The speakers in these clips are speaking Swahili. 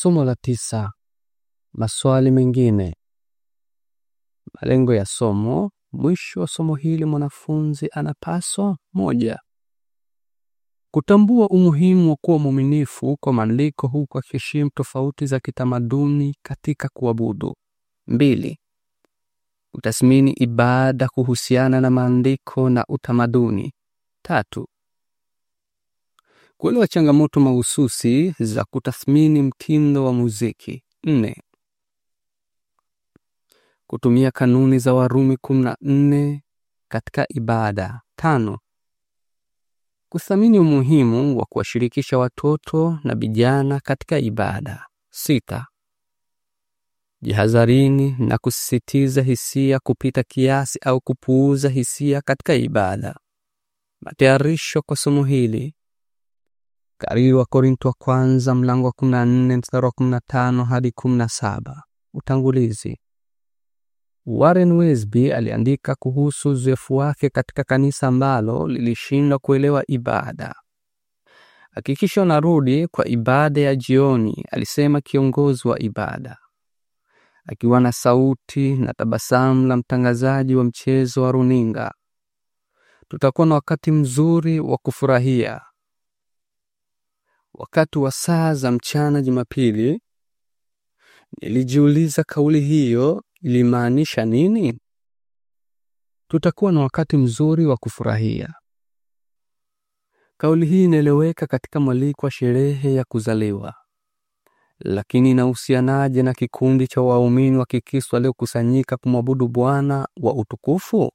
Somo la tisa: maswali mengine. Malengo ya somo. Mwisho wa somo hili mwanafunzi anapaswa: moja, kutambua umuhimu wa kuwa mwaminifu kwa maandiko huku akiheshimu tofauti za kitamaduni katika kuabudu. Mbili, kutathmini ibada kuhusiana na maandiko na utamaduni. Tatu, kuelewa changamoto mahususi za kutathmini mtindo wa muziki. Nne, kutumia kanuni za Warumi nne katika ibada. Tano, kuthamini umuhimu wa kuwashirikisha watoto na vijana katika ibada. Sita, jihadharini na kusisitiza hisia kupita kiasi au kupuuza hisia katika ibada. Matayarisho kwa somo hili Kari wa Korinto wa kwanza mlango wa 14 mstari wa 15 hadi 17. Utangulizi. Warren Wiersbe aliandika kuhusu uzoefu wake katika kanisa ambalo lilishindwa kuelewa ibada. Hakikisha unarudi kwa ibada ya jioni, alisema kiongozi wa ibada, akiwa na sauti na tabasamu la mtangazaji wa mchezo wa runinga. Tutakuwa na wakati mzuri wa kufurahia wakati wa saa za mchana Jumapili. Nilijiuliza kauli hiyo ilimaanisha nini? Tutakuwa na wakati mzuri wa kufurahia. Kauli hii inaeleweka katika mwaliko wa sherehe ya kuzaliwa, lakini inahusianaje na kikundi cha waumini wa Kikristo waliokusanyika kumwabudu Bwana wa utukufu?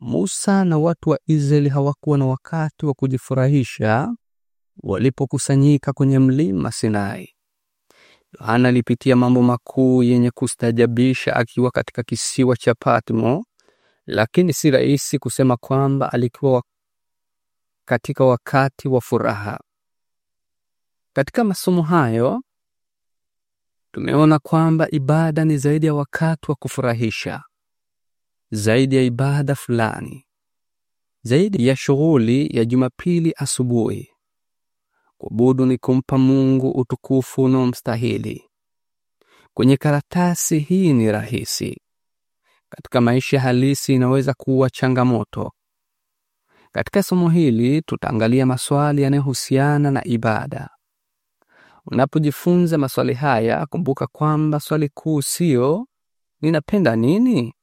Musa na watu wa Israeli hawakuwa na wakati wa kujifurahisha walipokusanyika kwenye mlima Sinai. Yohana alipitia mambo makuu yenye kustajabisha akiwa katika kisiwa cha Patmo, lakini si rahisi kusema kwamba alikuwa katika wakati wa furaha. Katika masomo hayo tumeona kwamba ibada ni zaidi ya wakati wa kufurahisha, zaidi ya ibada fulani, zaidi ya shughuli ya Jumapili asubuhi. Kuabudu ni kumpa Mungu utukufu unaomstahili. Kwenye karatasi hii ni rahisi, katika maisha halisi inaweza kuwa changamoto. Katika somo hili tutaangalia maswali yanayohusiana na ibada. Unapojifunza maswali haya, kumbuka kwamba swali kuu sio ninapenda nini?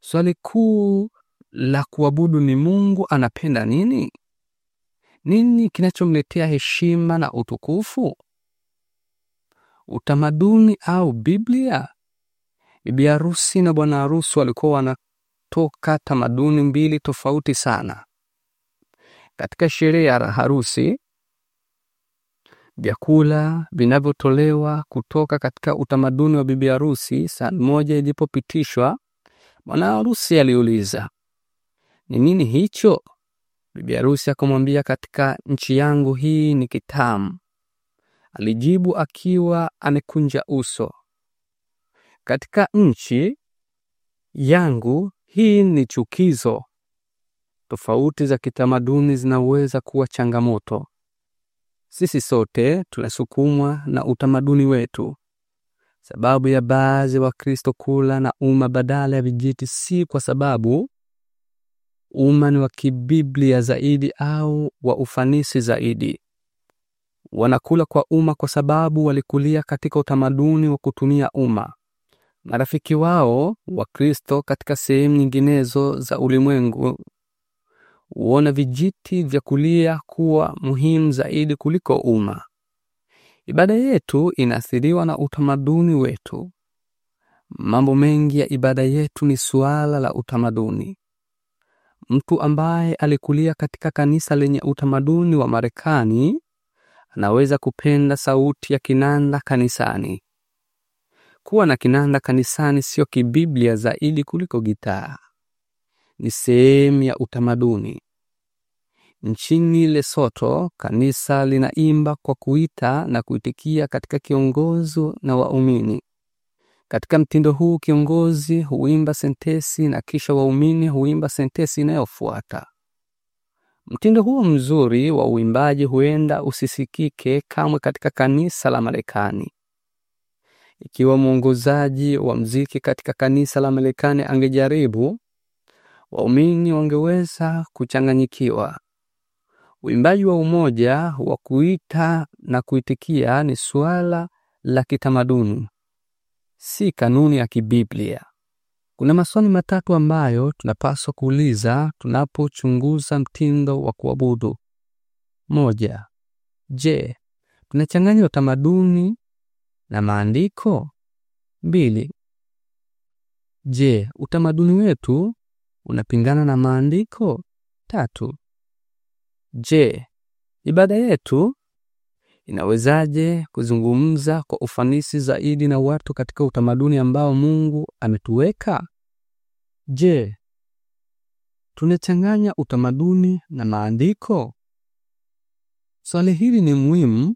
Swali kuu la kuabudu ni Mungu anapenda nini? Nini kinachomletea heshima na utukufu? Utamaduni au Biblia? Bibi harusi na bwana harusi walikuwa wanatoka tamaduni mbili tofauti sana. Katika sherehe ya harusi, vyakula vinavyotolewa kutoka katika utamaduni wa bibi harusi. Saa moja ilipopitishwa, bwana harusi aliuliza, ni nini hicho? Bibi harusi akamwambia, katika nchi yangu hii ni kitamu. Alijibu akiwa amekunja uso, katika nchi yangu hii ni chukizo. Tofauti za kitamaduni zinaweza kuwa changamoto. Sisi sote tunasukumwa na utamaduni wetu. Sababu ya baadhi Wakristo kula na uma badala ya vijiti si kwa sababu umani wa kibiblia zaidi au wa ufanisi zaidi. Wanakula kwa umma kwa sababu walikulia katika utamaduni wa kutumia umma. Marafiki wao Wakristo katika sehemu nyinginezo za ulimwengu huona vijiti vya kulia kuwa muhimu zaidi kuliko umma. Ibada yetu inaathiriwa na utamaduni wetu. Mambo mengi ya ibada yetu ni suala la utamaduni. Mtu ambaye alikulia katika kanisa lenye utamaduni wa Marekani anaweza kupenda sauti ya kinanda kanisani. Kuwa na kinanda kanisani sio kibiblia zaidi kuliko gitaa, ni sehemu ya utamaduni. Nchini Lesotho, kanisa linaimba kwa kuita na kuitikia katika kiongozi na waumini. Katika mtindo huu kiongozi huimba sentesi na kisha waumini huimba sentesi inayofuata. Mtindo huo mzuri wa uimbaji huenda usisikike kamwe katika kanisa la Marekani. Ikiwa mwongozaji wa mziki katika kanisa la Marekani angejaribu, waumini wangeweza kuchanganyikiwa. Uimbaji wa umoja wa kuita na kuitikia ni suala la kitamaduni si kanuni ya kibiblia. Kuna maswali matatu ambayo tunapaswa kuuliza tunapochunguza mtindo wa kuabudu. Moja, je, tunachanganya utamaduni na maandiko? Mbili, je, utamaduni wetu unapingana na maandiko? Tatu, je, ibada yetu Inawezaje kuzungumza kwa ufanisi zaidi na watu katika utamaduni ambao Mungu ametuweka? Je, tunachanganya utamaduni na maandiko? Swali hili ni muhimu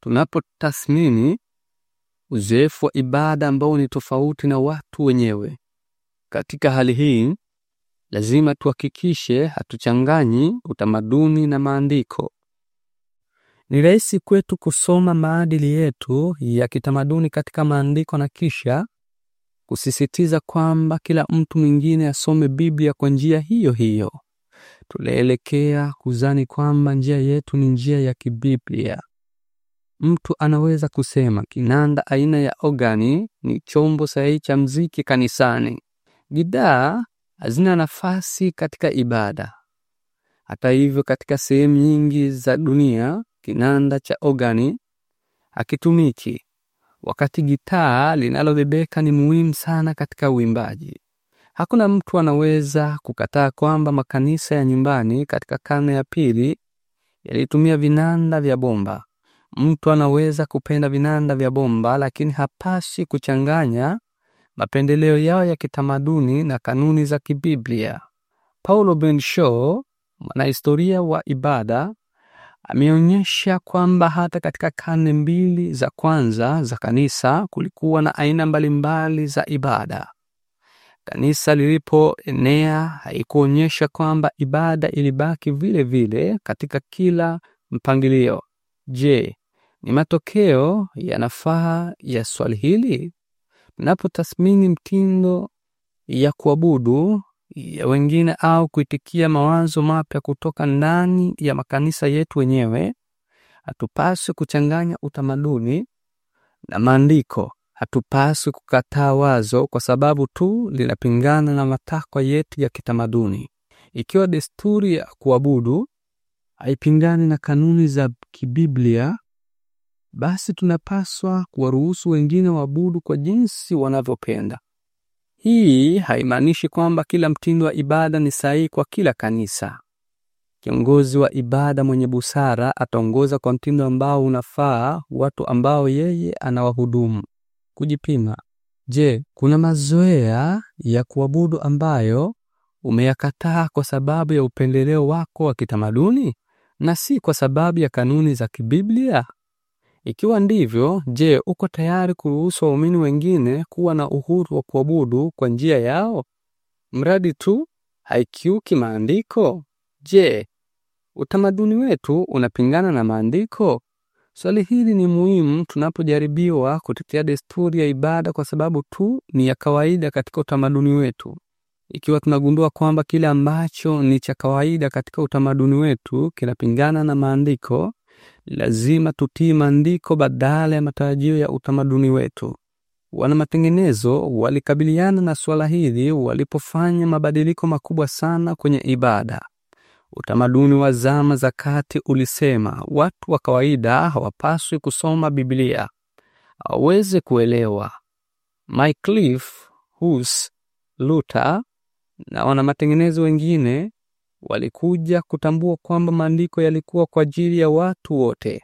tunapotathmini uzoefu wa ibada ambao ni tofauti na watu wenyewe. Katika hali hii, lazima tuhakikishe hatuchanganyi utamaduni na maandiko. Ni rahisi kwetu kusoma maadili yetu ya kitamaduni katika maandiko na kisha kusisitiza kwamba kila mtu mwingine asome Biblia kwa njia hiyo hiyo. Tunaelekea kuzani kwamba njia yetu ni njia ya kibiblia. Mtu anaweza kusema kinanda aina ya ogani ni chombo sahihi cha mziki kanisani, gidaa hazina nafasi katika ibada. Hata hivyo, katika sehemu nyingi za dunia kinanda cha ogani hakitumiki, wakati gitaa linalobebeka ni muhimu sana katika uimbaji. Hakuna mtu anaweza kukataa kwamba makanisa ya nyumbani katika karne ya pili yalitumia vinanda vya bomba. Mtu anaweza kupenda vinanda vya bomba, lakini hapasi kuchanganya mapendeleo yao ya kitamaduni na kanuni za kibiblia. Paulo Benshaw, mwanahistoria wa ibada, ameonyesha kwamba hata katika karne mbili za kwanza za kanisa kulikuwa na aina mbalimbali za ibada. Kanisa lilipoenea haikuonyesha kwamba ibada ilibaki vile vile katika kila mpangilio. Je, ni matokeo ya nafaha ya swali hili? Mnapotathmini mtindo ya kuabudu ya wengine au kuitikia mawazo mapya kutoka ndani ya makanisa yetu wenyewe. Hatupaswi kuchanganya utamaduni na maandiko. Hatupaswi kukataa wazo kwa sababu tu linapingana na matakwa yetu ya kitamaduni. Ikiwa desturi ya kuabudu haipingani na kanuni za kibiblia, basi tunapaswa kuwaruhusu wengine waabudu kwa jinsi wanavyopenda. Hii haimaanishi kwamba kila mtindo wa ibada ni sahihi kwa kila kanisa. Kiongozi wa ibada mwenye busara ataongoza kwa mtindo ambao unafaa watu ambao yeye anawahudumu. Kujipima. Je, kuna mazoea ya kuabudu ambayo umeyakataa kwa sababu ya upendeleo wako wa kitamaduni na si kwa sababu ya kanuni za kibiblia? Ikiwa ndivyo, je, uko tayari kuruhusu waumini wengine kuwa na uhuru wa kuabudu kwa njia yao mradi tu haikiuki maandiko? Je, utamaduni wetu unapingana na maandiko? Swali hili ni muhimu tunapojaribiwa kutetea desturi ya ibada kwa sababu tu ni ya kawaida katika utamaduni wetu. Ikiwa tunagundua kwamba kile ambacho ni cha kawaida katika utamaduni wetu kinapingana na maandiko, Lazima tutii maandiko badala ya matarajio ya utamaduni wetu. Wana matengenezo walikabiliana na suala hili walipofanya mabadiliko makubwa sana kwenye ibada. Utamaduni wa zama za kati ulisema watu wa kawaida hawapaswi kusoma Biblia, hawaweze kuelewa. Wycliffe, Hus, Luther na wana matengenezo wengine walikuja kutambua kwamba maandiko yalikuwa kwa ajili ya watu wote.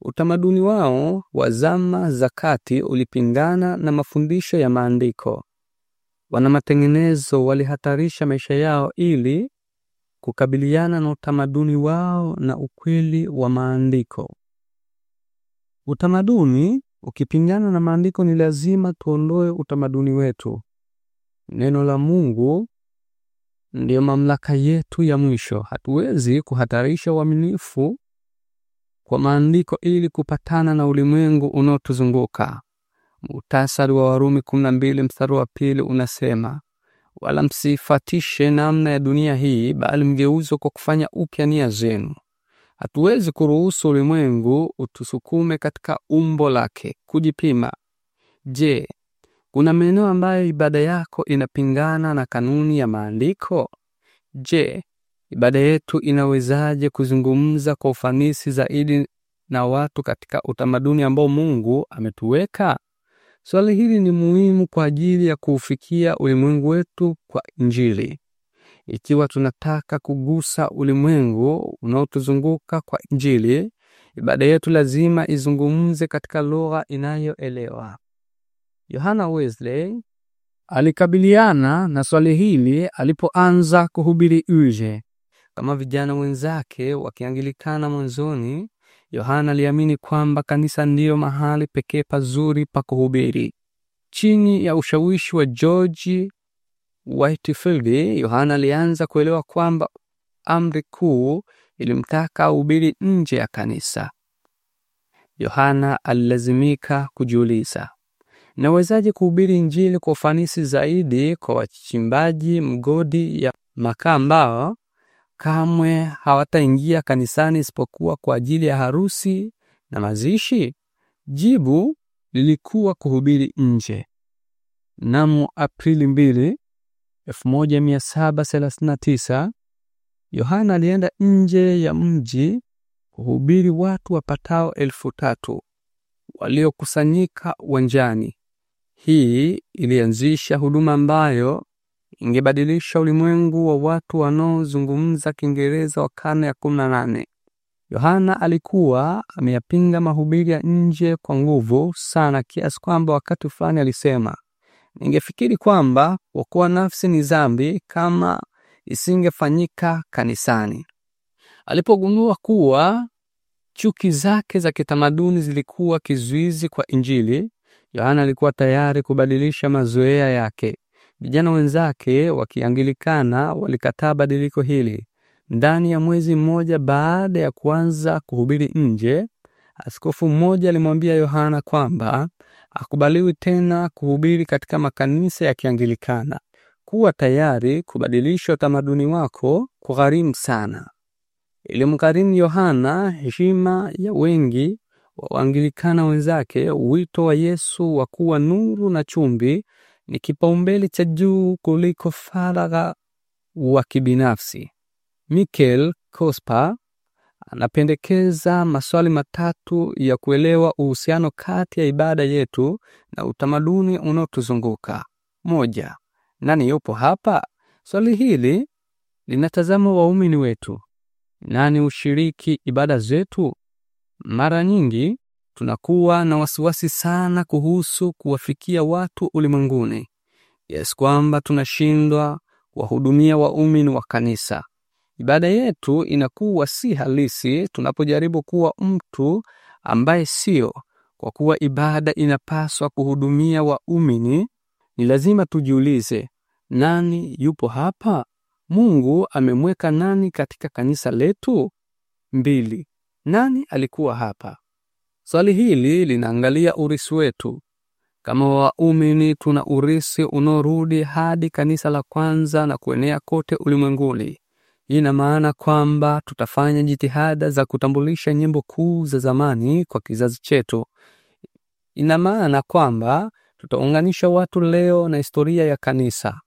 Utamaduni wao wa zama za kati ulipingana na mafundisho ya maandiko. Wana matengenezo walihatarisha maisha yao ili kukabiliana na utamaduni wao na ukweli wa maandiko. Utamaduni ukipingana na maandiko, ni lazima tuondoe utamaduni wetu. Neno la Mungu ndiyo mamlaka yetu ya mwisho. Hatuwezi kuhatarisha uaminifu kwa maandiko ili kupatana na ulimwengu unaotuzunguka. Muhtasari wa Warumi 12 mstari wa pili unasema, wala msifatishe namna ya dunia hii, bali mgeuzwe kwa kufanya upya nia zenu. Hatuwezi kuruhusu ulimwengu utusukume katika umbo lake. Kujipima: je, kuna maeneo ambayo ibada yako inapingana na kanuni ya maandiko? Je, ibada yetu inawezaje kuzungumza kwa ufanisi zaidi na watu katika utamaduni ambao Mungu ametuweka? Swali hili ni muhimu kwa ajili ya kuufikia ulimwengu wetu kwa Injili. Ikiwa tunataka kugusa ulimwengu unaotuzunguka kwa Injili, ibada yetu lazima izungumze katika lugha inayoelewa. Yohana Wesley alikabiliana na swali hili alipoanza kuhubiri Injili. Kama vijana wenzake wakiangilikana mwanzoni, Yohana aliamini kwamba kanisa ndiyo mahali pekee pazuri pa kuhubiri. Chini ya ushawishi wa George Whitefield, Yohana alianza kuelewa kwamba amri kuu ilimtaka ahubiri nje ya kanisa. Yohana alilazimika kujiuliza, Nawezaje kuhubiri Injili kwa ufanisi zaidi kwa wachimbaji mgodi ya makaa ambao kamwe hawataingia kanisani isipokuwa kwa ajili ya harusi na mazishi? Jibu lilikuwa kuhubiri nje. Mnamo Aprili 2, 1739 Yohana alienda nje ya mji kuhubiri watu wapatao elfu tatu waliokusanyika uwanjani. Hii ilianzisha huduma ambayo ingebadilisha ulimwengu wa watu wanaozungumza Kiingereza wa karne ya 18 nane. Yohana alikuwa ameyapinga mahubiri ya nje kwa nguvu sana kiasi kwamba wakati fulani alisema, ningefikiri kwamba kuokoa nafsi ni dhambi kama isingefanyika kanisani. Alipogundua kuwa chuki zake za kitamaduni zilikuwa kizuizi kwa Injili, Yohana alikuwa tayari kubadilisha mazoea yake. Vijana wenzake wakiangilikana walikataa badiliko hili. Ndani ya mwezi mmoja baada ya kuanza kuhubiri nje, askofu mmoja alimwambia Yohana kwamba akubaliwi tena kuhubiri katika makanisa ya Kiangilikana. Kuwa tayari kubadilisha utamaduni wako kugharimu sana. Ilimgharimu Yohana heshima ya wengi Waanglikana wenzake, wito wa Yesu wa kuwa nuru na chumbi ni kipaumbele cha juu kuliko faragha wa kibinafsi. Michael Cosper anapendekeza maswali matatu ya kuelewa uhusiano kati ya ibada yetu na utamaduni unaotuzunguka. Moja, nani yupo hapa? Swali hili linatazama waumini wetu. Nani ushiriki ibada zetu? Mara nyingi tunakuwa na wasiwasi sana kuhusu kuwafikia watu ulimwenguni, kiasi kwamba tunashindwa kuwahudumia waumini wa kanisa. Ibada yetu inakuwa si halisi tunapojaribu kuwa mtu ambaye sio. Kwa kuwa ibada inapaswa kuhudumia waumini, ni lazima tujiulize, nani yupo hapa? Mungu amemweka nani katika kanisa letu? Mbili, nani alikuwa hapa? Swali hili linaangalia urisi wetu. Kama waumini, tuna urisi unaorudi hadi kanisa la kwanza na kuenea kote ulimwenguni. Hii ina maana kwamba tutafanya jitihada za kutambulisha nyimbo kuu za zamani kwa kizazi chetu. Ina maana kwamba tutaunganisha watu leo na historia ya kanisa.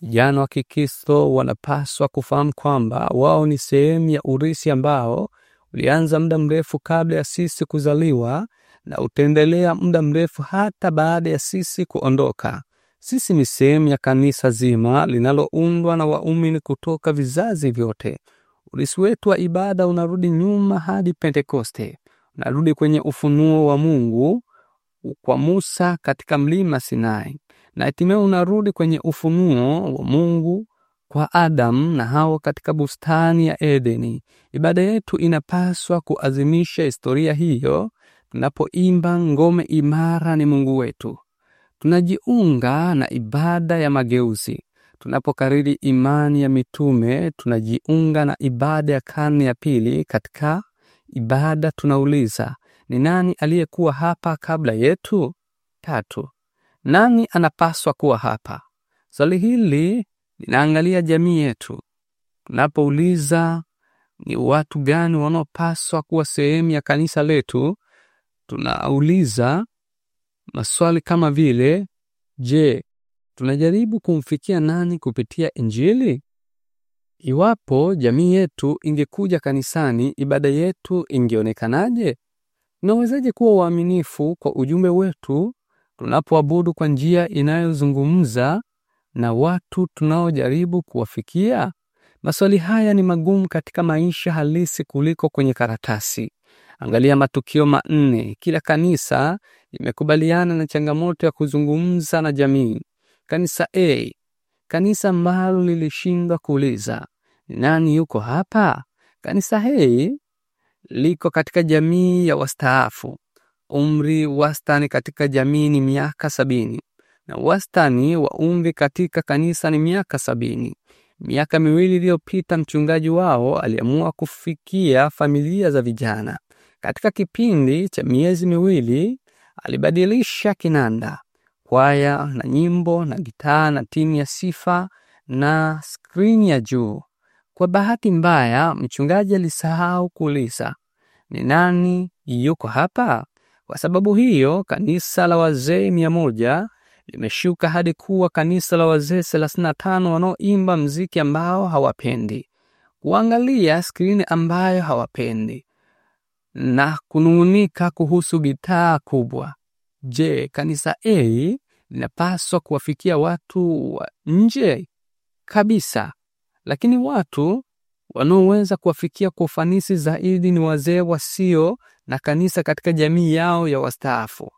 Vijana wa Kikristo wanapaswa kufahamu kwamba wao ni sehemu ya urisi ambao ulianza muda mrefu kabla ya sisi kuzaliwa na utaendelea muda mrefu hata baada ya sisi kuondoka. Sisi ni sehemu ya kanisa zima linaloundwa na waumini kutoka vizazi vyote. Urisi wetu wa ibada unarudi nyuma hadi Pentekoste, unarudi kwenye ufunuo wa Mungu kwa Musa katika mlima Sinai, na hatimaye unarudi kwenye ufunuo wa Mungu kwa Adamu na hawa katika bustani ya Edeni. Ibada yetu inapaswa kuazimisha historia hiyo. Tunapoimba ngome imara ni Mungu wetu, tunajiunga na ibada ya mageuzi. Tunapokariri imani ya mitume, tunajiunga na ibada ya karne ya pili. Katika ibada tunauliza, ni nani aliyekuwa hapa kabla yetu? Tatu, nani anapaswa kuwa hapa? Swali hili Ninaangalia jamii yetu, tunapouliza ni watu gani wanaopaswa kuwa sehemu ya kanisa letu, tunauliza maswali kama vile je, tunajaribu kumfikia nani kupitia Injili? Iwapo jamii yetu ingekuja kanisani, ibada yetu ingeonekanaje? Tunawezaje kuwa waaminifu kwa ujumbe wetu tunapoabudu kwa njia inayozungumza na watu tunaojaribu kuwafikia? Maswali haya ni magumu katika maisha halisi kuliko kwenye karatasi. Angalia matukio manne. Kila kanisa limekubaliana na changamoto ya kuzungumza na jamii. Kanisa A, kanisa ambalo lilishindwa kuuliza nani yuko hapa. Kanisa A liko katika jamii ya wastaafu. Umri wastani katika jamii ni miaka sabini na wastani wa umri katika kanisa ni miaka sabini. Miaka miwili iliyopita mchungaji wao aliamua kufikia familia za vijana. Katika kipindi cha miezi miwili alibadilisha kinanda, kwaya na nyimbo na gitaa na timu ya sifa na skrini ya juu. Kwa bahati mbaya, mchungaji alisahau kuuliza ni nani yuko hapa. Kwa sababu hiyo, kanisa la wazee mia moja limeshuka hadi kuwa kanisa la wazee 35 wanaoimba mziki ambao hawapendi, kuangalia skrini ambayo hawapendi na kunung'unika kuhusu gitaa kubwa. Je, kanisa A linapaswa kuwafikia watu wa nje kabisa? Lakini watu wanaoweza kuwafikia kwa ufanisi zaidi ni wazee wasio na kanisa katika jamii yao ya wastaafu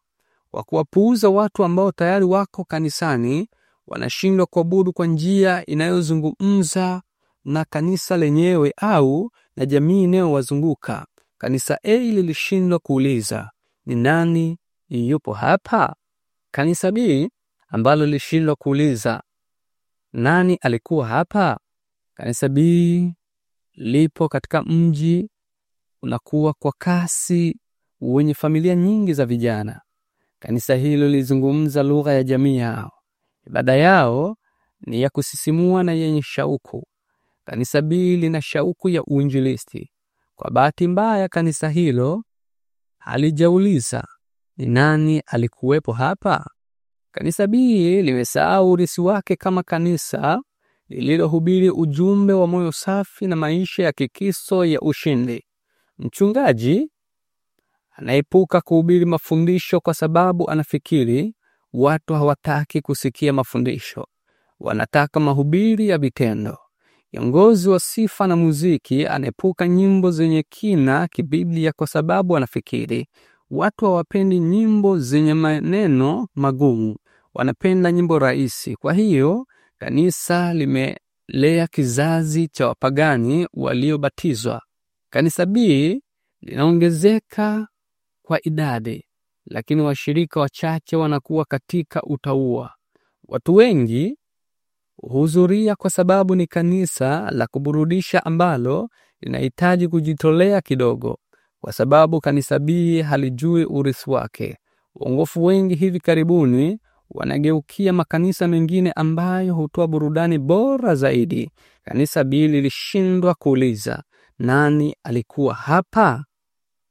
wa kuwapuuza watu ambao tayari wako kanisani, wanashindwa kuabudu kwa njia inayozungumza na kanisa lenyewe au na jamii inayowazunguka. Kanisa A lilishindwa kuuliza ni nani yupo hapa. Kanisa B ambalo lilishindwa kuuliza nani alikuwa hapa. Kanisa B lipo katika mji unakuwa kwa kasi wenye familia nyingi za vijana. Kanisa hilo lilizungumza lugha ya jamii yao. Ibada yao ni ya kusisimua na yenye shauku. Kanisa B lina shauku ya uinjilisti. Kwa bahati mbaya, kanisa hilo halijauliza ni nani alikuwepo hapa. Kanisa B limesahau urisi wake kama kanisa lililohubiri ujumbe wa moyo safi na maisha ya kikiso ya ushindi. Mchungaji Anaepuka kuhubiri mafundisho kwa sababu anafikiri watu hawataki kusikia mafundisho, wanataka mahubiri ya vitendo. Kiongozi wa sifa na muziki anaepuka nyimbo zenye kina kibiblia kwa sababu anafikiri watu hawapendi nyimbo zenye maneno magumu, wanapenda nyimbo rahisi. Kwa hiyo kanisa limelea kizazi cha wapagani waliobatizwa. Kanisa B linaongezeka kwa idadi, lakini washirika wachache wanakuwa katika utauwa. Watu wengi huhudhuria kwa sababu ni kanisa la kuburudisha ambalo linahitaji kujitolea kidogo, kwa sababu kanisa bii halijui urithi wake. Waongofu wengi hivi karibuni wanageukia makanisa mengine ambayo hutoa burudani bora zaidi. Kanisa b lilishindwa kuuliza nani alikuwa hapa.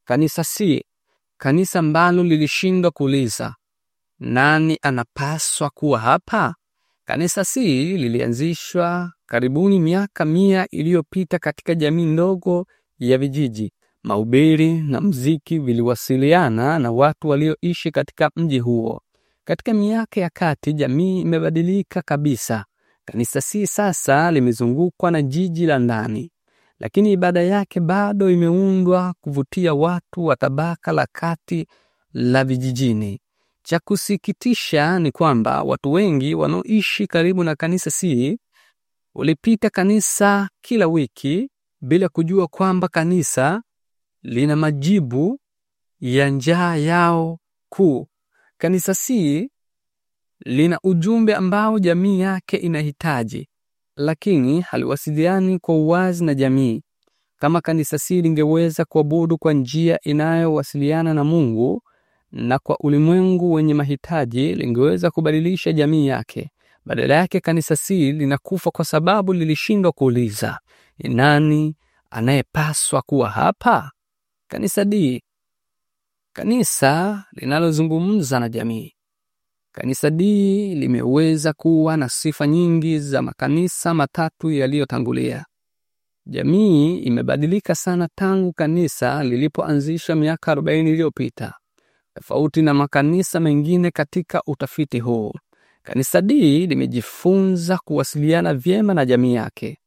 Kanisa si kanisa ambalo lilishindwa kuuliza nani anapaswa kuwa hapa. Kanisa si lilianzishwa karibuni miaka mia iliyopita katika jamii ndogo ya vijiji. Mahubiri na mziki viliwasiliana na watu walioishi katika mji huo. Katika miaka ya kati, jamii imebadilika kabisa. Kanisa si sasa limezungukwa na jiji la ndani lakini ibada yake bado imeundwa kuvutia watu wa tabaka la kati la vijijini. Cha kusikitisha ni kwamba watu wengi wanaoishi karibu na kanisa si ulipita kanisa kila wiki bila kujua kwamba kanisa lina majibu ya njaa yao kuu. Kanisa si lina ujumbe ambao jamii yake inahitaji lakini haliwasiliani kwa uwazi na jamii. Kama kanisa si lingeweza kuabudu kwa njia inayowasiliana na Mungu na kwa ulimwengu wenye mahitaji, lingeweza kubadilisha jamii yake. Badala yake, kanisa si linakufa kwa sababu lilishindwa kuuliza ni nani anayepaswa kuwa hapa. Kanisa di kanisa linalozungumza na jamii. Kanisa D limeweza kuwa na sifa nyingi za makanisa matatu yaliyotangulia. Jamii imebadilika sana tangu kanisa lilipoanzishwa miaka 40 iliyopita. Tofauti na makanisa mengine katika utafiti huu, kanisa D limejifunza kuwasiliana vyema na jamii yake.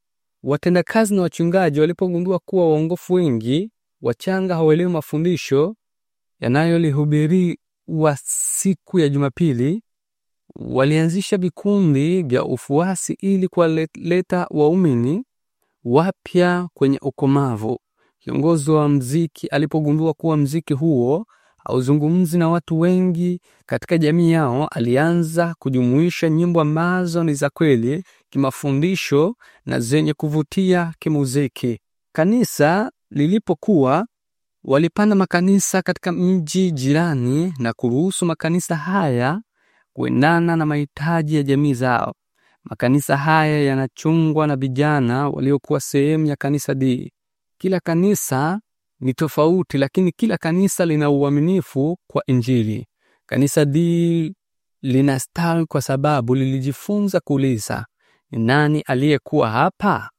Watendakazi na wachungaji walipogundua kuwa waongofu wengi wachanga hawaelewi mafundisho yanayolihubiri wa siku ya Jumapili walianzisha vikundi vya ufuasi ili kuwaleta waumini wapya kwenye ukomavu. Kiongozi wa mziki alipogundua kuwa mziki huo hauzungumzi na watu wengi katika jamii yao, alianza kujumuisha nyimbo ambazo ni za kweli kimafundisho na zenye kuvutia kimuziki. Kanisa lilipokuwa walipanda makanisa katika mji jirani na kuruhusu makanisa haya kuendana na mahitaji ya jamii zao. Makanisa haya yanachungwa na vijana waliokuwa sehemu ya kanisa D. Kila kanisa ni tofauti, lakini kila kanisa lina uaminifu kwa Injili. Kanisa D linastawi kwa sababu lilijifunza kuuliza ni nani aliyekuwa hapa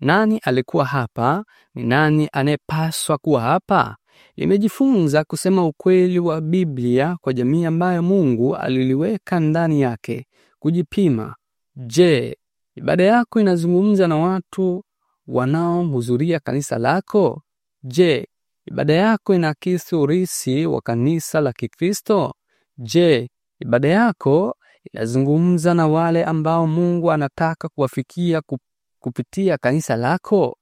nani alikuwa hapa? Ni nani anayepaswa kuwa hapa? imejifunza kusema ukweli wa Biblia kwa jamii ambayo Mungu aliliweka ndani yake. Kujipima. Je, ibada yako inazungumza na watu wanaohudhuria kanisa lako? Je, ibada yako inaakisi urisi wa kanisa la Kikristo? Je, ibada yako inazungumza na wale ambao Mungu anataka kuwafikia kupitia kanisa lako?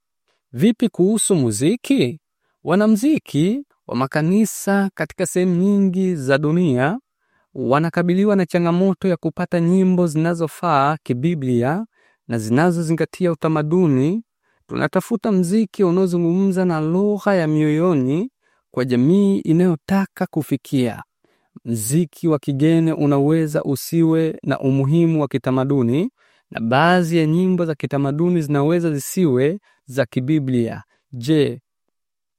Vipi kuhusu muziki? Wanamuziki wa makanisa katika sehemu nyingi za dunia wanakabiliwa na changamoto ya kupata nyimbo zinazofaa kibiblia na zinazozingatia utamaduni. Tunatafuta mziki unaozungumza na lugha ya mioyoni kwa jamii inayotaka kufikia. Mziki wa kigeni unaweza usiwe na umuhimu wa kitamaduni, baadhi ya nyimbo za kitamaduni zinaweza zisiwe za kibiblia. Je,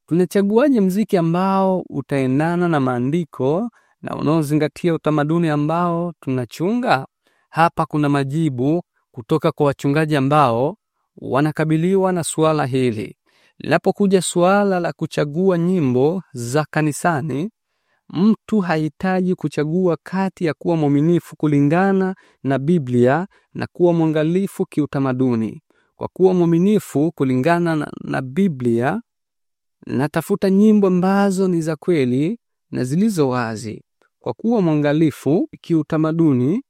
tunachaguaje mziki ambao utaendana na maandiko na unaozingatia utamaduni ambao tunachunga? Hapa kuna majibu kutoka kwa wachungaji ambao wanakabiliwa na suala hili. Linapokuja suala la kuchagua nyimbo za kanisani, Mtu hahitaji kuchagua kati ya kuwa mwaminifu kulingana na Biblia na kuwa mwangalifu kiutamaduni. Kwa kuwa mwaminifu kulingana na, na Biblia, natafuta nyimbo ambazo ni za kweli na zilizo wazi. Kwa kuwa mwangalifu kiutamaduni,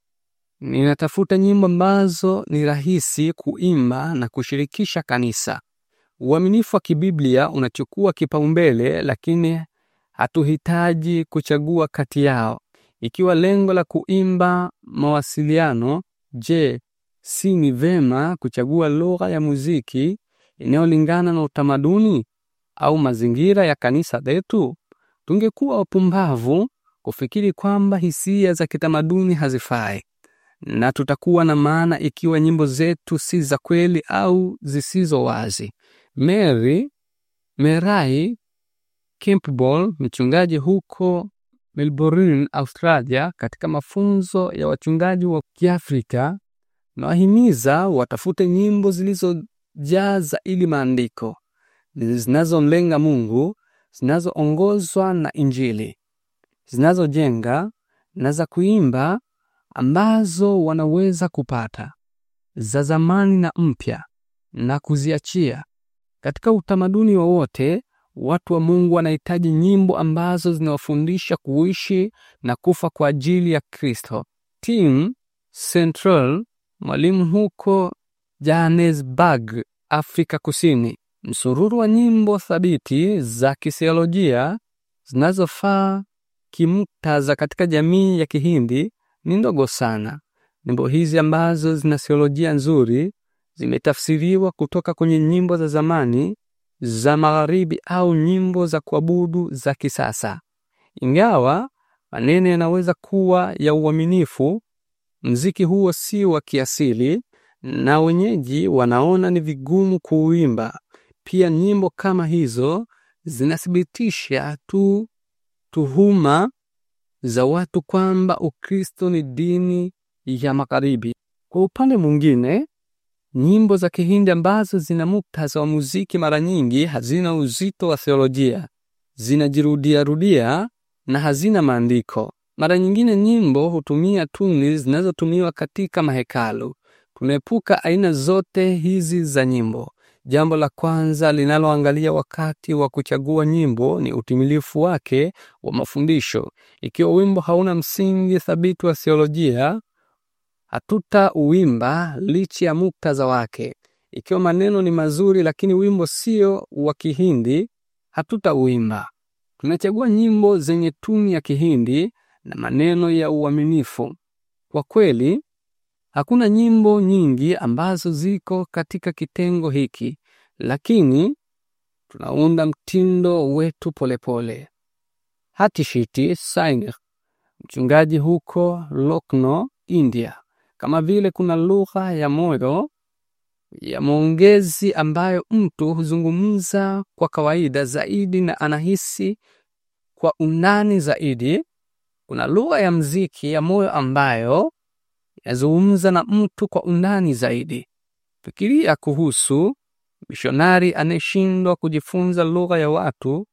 ninatafuta nyimbo ambazo ni rahisi kuimba na kushirikisha kanisa. Uaminifu wa kibiblia unachukua kipaumbele, lakini Hatuhitaji kuchagua kati yao. Ikiwa lengo la kuimba mawasiliano, je, si ni vema kuchagua lugha ya muziki inayolingana na utamaduni au mazingira ya kanisa letu? Tungekuwa wapumbavu kufikiri kwamba hisia za kitamaduni hazifai, na tutakuwa na maana ikiwa nyimbo zetu si za kweli au zisizo wazi. Mary Merai Campbell, mchungaji huko Melbourne, Australia, katika mafunzo ya wachungaji wa Kiafrika, nawahimiza watafute nyimbo zilizojaza ili maandiko zinazomlenga Mungu, zinazoongozwa na Injili, zinazojenga na za kuimba ambazo wanaweza kupata za zamani na mpya na kuziachia katika utamaduni wowote Watu wa Mungu wanahitaji nyimbo ambazo zinawafundisha kuishi na kufa kwa ajili ya Kristo. Tim Central, mwalimu huko Johannesburg, Afrika Kusini. Msururu wa nyimbo thabiti za kisiolojia zinazofaa kimtaza katika jamii ya Kihindi ni ndogo sana. Nyimbo hizi ambazo zina siolojia nzuri zimetafsiriwa kutoka kwenye nyimbo za zamani za magharibi au nyimbo za kuabudu za kisasa. Ingawa maneno yanaweza kuwa ya uaminifu, mziki huo si wa kiasili na wenyeji wanaona ni vigumu kuuimba. Pia nyimbo kama hizo zinathibitisha tu tuhuma za watu kwamba Ukristo ni dini ya magharibi. Kwa upande mwingine, Nyimbo za Kihindi ambazo zina muktadha wa muziki mara nyingi hazina uzito wa theolojia, zinajirudia rudia na hazina maandiko. Mara nyingine nyimbo hutumia tuni zinazotumiwa katika mahekalu. Tunaepuka aina zote hizi za nyimbo. Jambo la kwanza linaloangalia wakati wa kuchagua nyimbo ni utimilifu wake wa mafundisho. Ikiwa wimbo hauna msingi thabiti wa theolojia, hatuta uwimba licha ya muktadha wake. Ikiwa maneno ni mazuri, lakini wimbo sio wa Kihindi, hatuta uwimba Tunachagua nyimbo zenye tuni ya Kihindi na maneno ya uaminifu. Kwa kweli, hakuna nyimbo nyingi ambazo ziko katika kitengo hiki, lakini tunaunda mtindo wetu polepole. Hatishiti Saingh, mchungaji huko Lucknow, India. Kama vile kuna lugha ya moyo ya mwongezi ambayo mtu huzungumza kwa kawaida zaidi na anahisi kwa undani zaidi. Kuna lugha ya mziki ya moyo ambayo yazungumza na mtu kwa undani zaidi. Fikiria kuhusu mishonari anayeshindwa kujifunza lugha ya watu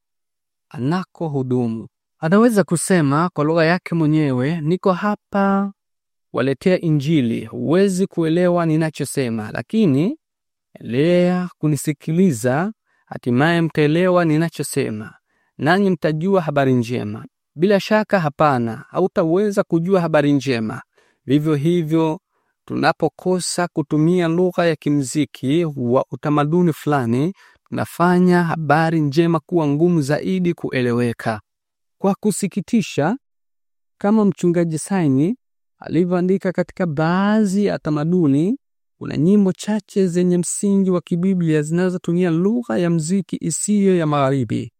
anako hudumu. Anaweza kusema kwa lugha yake mwenyewe, niko hapa waletea Injili, huwezi kuelewa ninachosema, lakini endelea kunisikiliza, hatimaye mtaelewa ninachosema, nanyi mtajua habari njema. Bila shaka, hapana, hautaweza kujua habari njema. Vivyo hivyo, tunapokosa kutumia lugha ya kimziki wa utamaduni fulani, tunafanya habari njema kuwa ngumu zaidi kueleweka. Kwa kusikitisha, kama mchungaji Saini alivyoandika katika baadhi ya tamaduni kuna nyimbo chache zenye msingi wa kibiblia zinazotumia lugha ya mziki isiyo ya magharibi.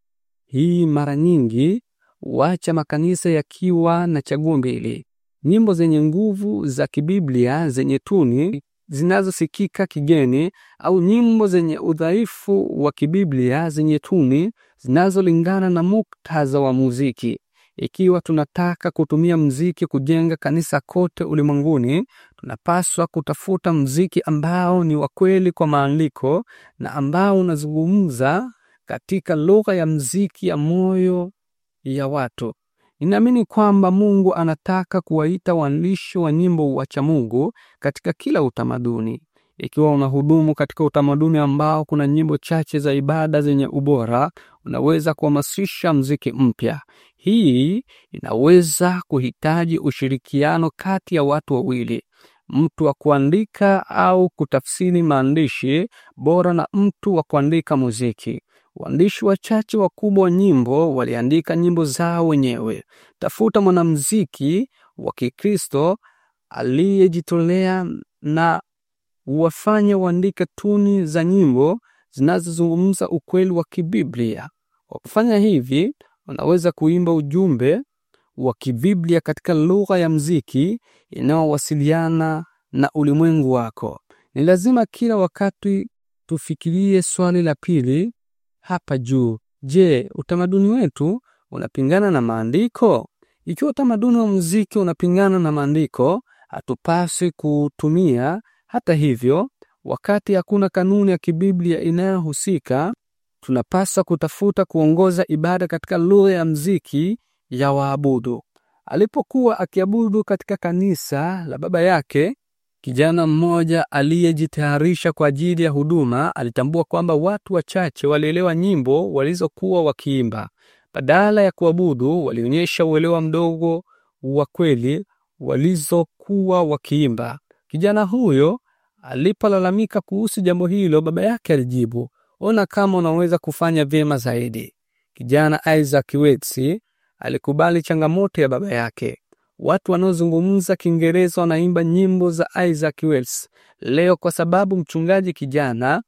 Hii mara nyingi wacha makanisa yakiwa na chaguo mbili: nyimbo zenye nguvu za kibiblia zenye tuni zinazosikika kigeni, au nyimbo zenye udhaifu wa kibiblia zenye tuni zinazolingana na muktadha wa muziki. Ikiwa tunataka kutumia mziki kujenga kanisa kote ulimwenguni, tunapaswa kutafuta mziki ambao ni wa kweli kwa maandiko na ambao unazungumza katika lugha ya mziki ya moyo ya watu. Ninaamini kwamba Mungu anataka kuwaita waandishi wa nyimbo wacha Mungu katika kila utamaduni. Ikiwa unahudumu katika utamaduni ambao kuna nyimbo chache za ibada zenye ubora, unaweza kuhamasisha mziki mpya. Hii inaweza kuhitaji ushirikiano kati ya watu wawili, mtu wa kuandika au kutafsiri maandishi bora na mtu wa kuandika muziki. Waandishi wachache wakubwa wa nyimbo waliandika nyimbo zao wenyewe. Tafuta mwanamuziki wa Kikristo aliyejitolea na uwafanye waandike tuni za nyimbo zinazozungumza ukweli wa kibiblia. Kwa kufanya hivi, unaweza kuimba ujumbe wa kibiblia katika lugha ya mziki inayowasiliana na ulimwengu wako. Ni lazima kila wakati tufikirie swali la pili hapa juu: je, utamaduni wetu unapingana na maandiko? Ikiwa utamaduni wa muziki unapingana na maandiko, hatupaswi kuutumia. Hata hivyo, Wakati hakuna kanuni ya kibiblia inayohusika, tunapaswa kutafuta kuongoza ibada katika lugha ya mziki ya waabudu. Alipokuwa akiabudu katika kanisa la baba yake, kijana mmoja aliyejitayarisha kwa ajili ya huduma alitambua kwamba watu wachache walielewa nyimbo walizokuwa wakiimba. Badala ya kuabudu, walionyesha uelewa mdogo wa kweli walizokuwa wakiimba. Kijana huyo Alipolalamika kuhusu jambo hilo, baba yake alijibu, ona kama unaweza kufanya vyema zaidi. Kijana Isaac wets alikubali changamoto ya baba yake. Watu wanaozungumza Kiingereza wanaimba nyimbo za Isaac Watts leo kwa sababu mchungaji kijana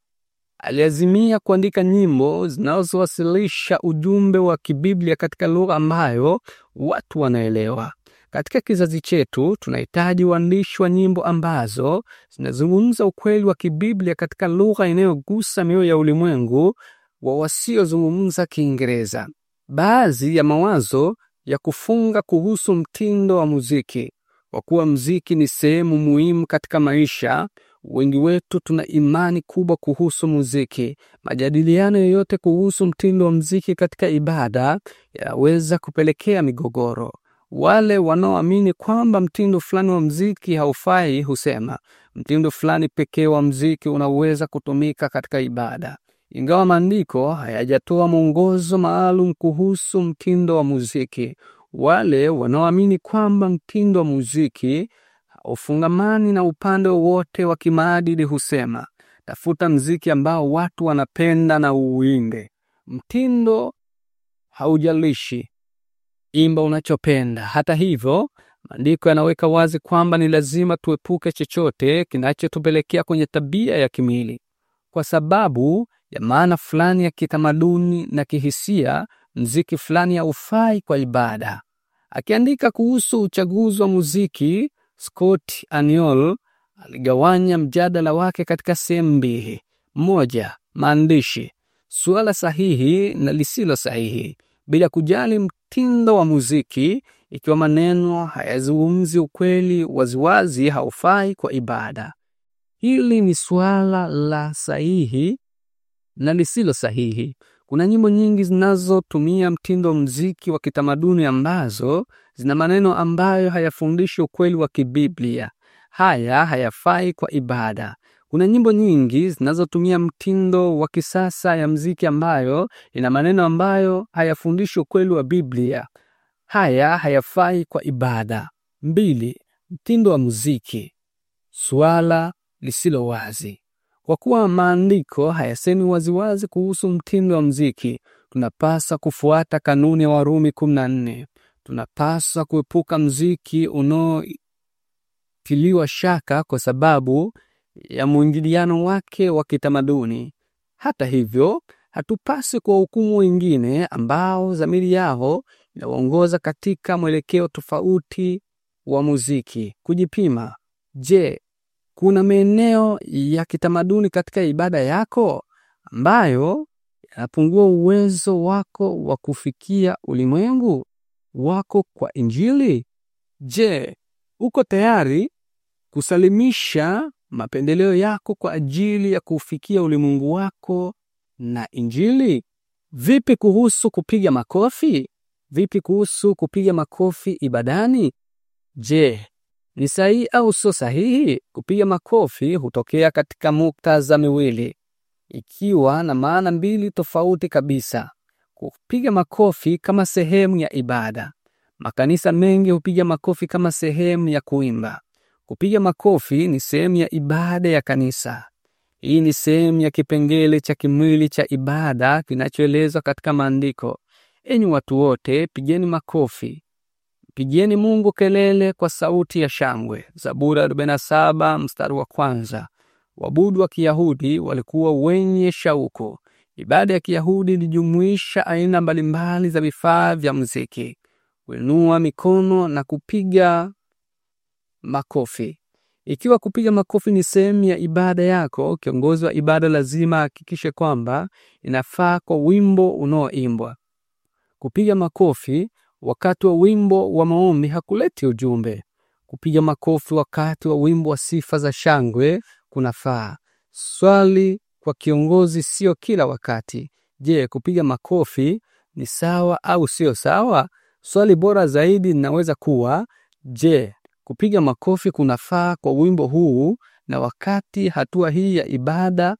aliazimia kuandika nyimbo zinazowasilisha ujumbe wa kibiblia katika lugha ambayo watu wanaelewa. Katika kizazi chetu tunahitaji waandishi wa nyimbo ambazo zinazungumza ukweli wa kibiblia katika lugha inayogusa mioyo ya ulimwengu wa wasiozungumza Kiingereza. Baadhi ya mawazo ya kufunga kuhusu mtindo wa muziki. Kwa kuwa muziki ni sehemu muhimu katika maisha, wengi wetu tuna imani kubwa kuhusu muziki. Majadiliano yoyote kuhusu mtindo wa muziki katika ibada yanaweza kupelekea migogoro. Wale wanaoamini kwamba mtindo fulani wa mziki haufai husema mtindo fulani pekee wa mziki unaweza kutumika katika ibada. Ingawa maandiko hayajatoa mwongozo maalum kuhusu mtindo wa muziki, wale wanaoamini kwamba mtindo wa muziki haufungamani na upande wowote wa kimaadili husema tafuta mziki ambao watu wanapenda na uuinde. Mtindo haujalishi imba unachopenda. Hata hivyo, maandiko yanaweka wazi kwamba ni lazima tuepuke chochote kinachotupelekea kwenye tabia ya kimwili, kwa sababu ya maana fulani ya kitamaduni na kihisia. Mziki fulani haufai kwa ibada. Akiandika kuhusu uchaguzi wa muziki, Scott Aniol aligawanya mjadala wake katika sehemu mbili: moja, maandishi, suala sahihi na lisilo sahihi, bila kujali mtindo wa muziki, ikiwa maneno hayazungumzi ukweli waziwazi, haufai kwa ibada. Hili ni suala la sahihi na lisilo sahihi. Kuna nyimbo nyingi zinazotumia mtindo mziki wa kitamaduni ambazo zina maneno ambayo hayafundishi ukweli wa kibiblia. Haya hayafai kwa ibada. Kuna nyimbo nyingi zinazotumia mtindo wa kisasa ya mziki ambayo ina maneno ambayo hayafundishi ukweli wa Biblia. Haya hayafai kwa ibada. Mbili, mtindo wa muziki, suala lisilo wazi. Kwa kuwa maandiko hayasemi waziwazi kuhusu mtindo wa muziki, tunapaswa kufuata kanuni ya Warumi 14. tunapaswa kuepuka muziki unaotiliwa shaka kwa sababu ya mwingiliano wake wa kitamaduni. Hata hivyo, hatupasi kuwahukumu wengine ambao dhamiri yao inawaongoza katika mwelekeo tofauti wa muziki. Kujipima: je, kuna maeneo ya kitamaduni katika ibada yako ambayo yanapungua uwezo wako wa kufikia ulimwengu wako kwa Injili? Je, uko tayari kusalimisha mapendeleo yako kwa ajili ya kuufikia ulimwengu wako na Injili? Vipi kuhusu kupiga makofi? Vipi kuhusu kupiga makofi ibadani? Je, ni sahihi au sio sahihi? Kupiga makofi hutokea katika muktadha miwili, ikiwa na maana mbili tofauti kabisa. Kupiga makofi kama sehemu ya ibada. Makanisa mengi hupiga makofi kama sehemu ya kuimba. Kupiga makofi ni sehemu ya ibada ya kanisa. Hii ni sehemu ya kipengele cha kimwili cha ibada kinachoelezwa katika maandiko. Enyi watu wote, pigeni makofi, pigeni Mungu kelele kwa sauti ya shangwe. Zaburi 47 mstari wa kwanza. Wabudu wa Kiyahudi walikuwa wenye shauku. Ibada ya Kiyahudi ilijumuisha aina mbalimbali za vifaa vya muziki. Kuinua mikono na kupiga makofi. Ikiwa kupiga makofi ni sehemu ya ibada yako, kiongozi wa ibada lazima ahakikishe kwamba inafaa kwa wimbo unaoimbwa. Kupiga makofi wakati wa wimbo wa maombi hakuleti ujumbe. Kupiga makofi wakati wa wimbo wa sifa za shangwe kunafaa. Swali kwa kiongozi, sio kila wakati. Je, kupiga makofi ni sawa au sio sawa? Swali bora zaidi linaweza kuwa je, Kupiga makofi kunafaa kwa wimbo huu na wakati hatua hii ya ibada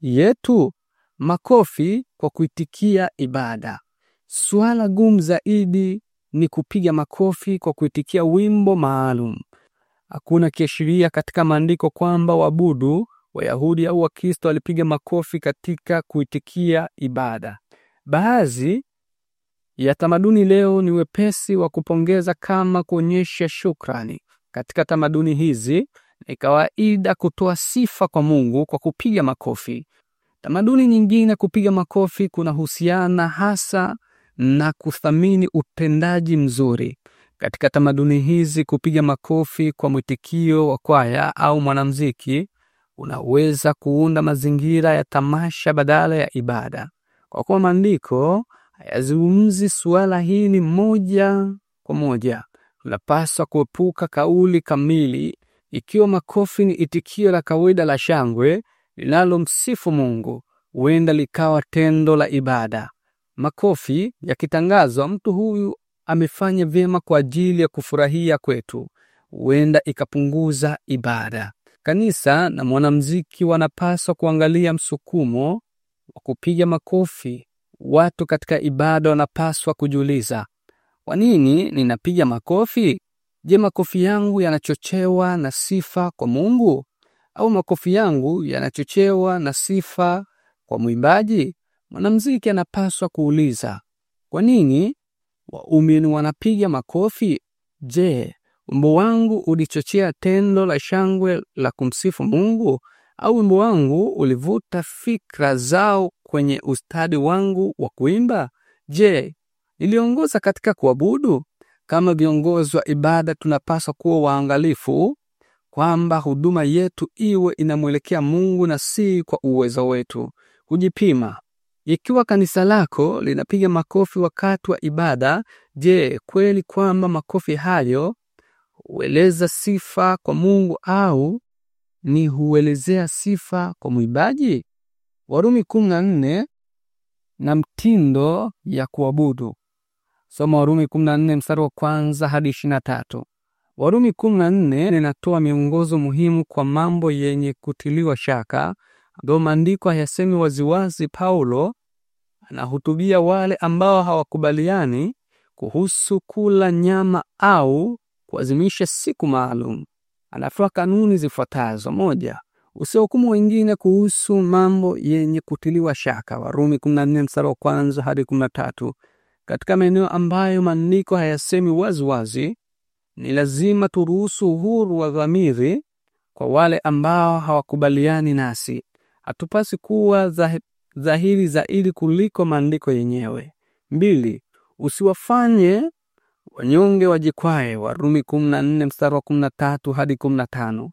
yetu. Makofi kwa kuitikia ibada. Suala gumu zaidi ni kupiga makofi kwa kuitikia wimbo maalum. Hakuna kiashiria katika maandiko kwamba wabudu Wayahudi au Wakristo walipiga makofi katika kuitikia ibada. Baadhi ya tamaduni leo ni wepesi wa kupongeza kama kuonyesha shukrani. Katika tamaduni hizi ni kawaida kutoa sifa kwa Mungu kwa kupiga makofi. Tamaduni nyingine, kupiga makofi kunahusiana hasa na kuthamini utendaji mzuri. Katika tamaduni hizi, kupiga makofi kwa mwitikio wa kwaya au mwanamuziki unaweza kuunda mazingira ya tamasha badala ya ibada, kwa kuwa maandiko hayazungumzi suala hili moja kwa moja. Tunapaswa kuepuka kauli kamili ikiwa makofi ni itikio la kawaida la shangwe linalomsifu Mungu, huenda likawa tendo la ibada. Makofi yakitangazwa, mtu huyu amefanya vyema kwa ajili ya kufurahia kwetu, huenda ikapunguza ibada. Kanisa na mwanamuziki wanapaswa kuangalia msukumo wa kupiga makofi watu katika ibada wanapaswa kujiuliza, kwa nini ninapiga makofi? Je, makofi yangu yanachochewa na sifa kwa Mungu au makofi yangu yanachochewa na sifa kwa mwimbaji? Mwanamuziki anapaswa kuuliza, kwa nini waumini wanapiga makofi? Je, wimbo wangu ulichochea tendo la shangwe la kumsifu Mungu au wimbo wangu ulivuta fikra zao kwenye ustadi wangu wa kuimba? Je, niliongoza katika kuabudu? Kama viongozi wa ibada, tunapaswa kuwa waangalifu kwamba huduma yetu iwe inamwelekea Mungu na si kwa uwezo wetu. Kujipima. Ikiwa kanisa lako linapiga makofi wakati wa ibada, je, kweli kwamba makofi hayo hueleza sifa kwa Mungu au ni huelezea sifa kwa mwibaji? Warumi 14 na mtindo ya kuabudu. Soma Warumi 14 mstari wa kwanza hadi tatu. Warumi 14 linatoa miongozo muhimu kwa mambo yenye kutiliwa shaka, ndio maandiko hayasemi waziwazi. Paulo anahutubia wale ambao hawakubaliani kuhusu kula nyama au kuazimisha siku maalum. Anatoa kanuni zifuatazo: moja, Usihukumu wengine kuhusu mambo yenye kutiliwa shaka, Warumi 14 mstari wa kwanza hadi 13. Katika maeneo ambayo maandiko hayasemi waziwazi, ni lazima turuhusu uhuru wa dhamiri kwa wale ambao hawakubaliani nasi. Hatupasi kuwa dhahiri zaidi kuliko maandiko yenyewe. Mbili, usiwafanye wanyonge wajikwae, Warumi 14 mstari wa 13 hadi 15.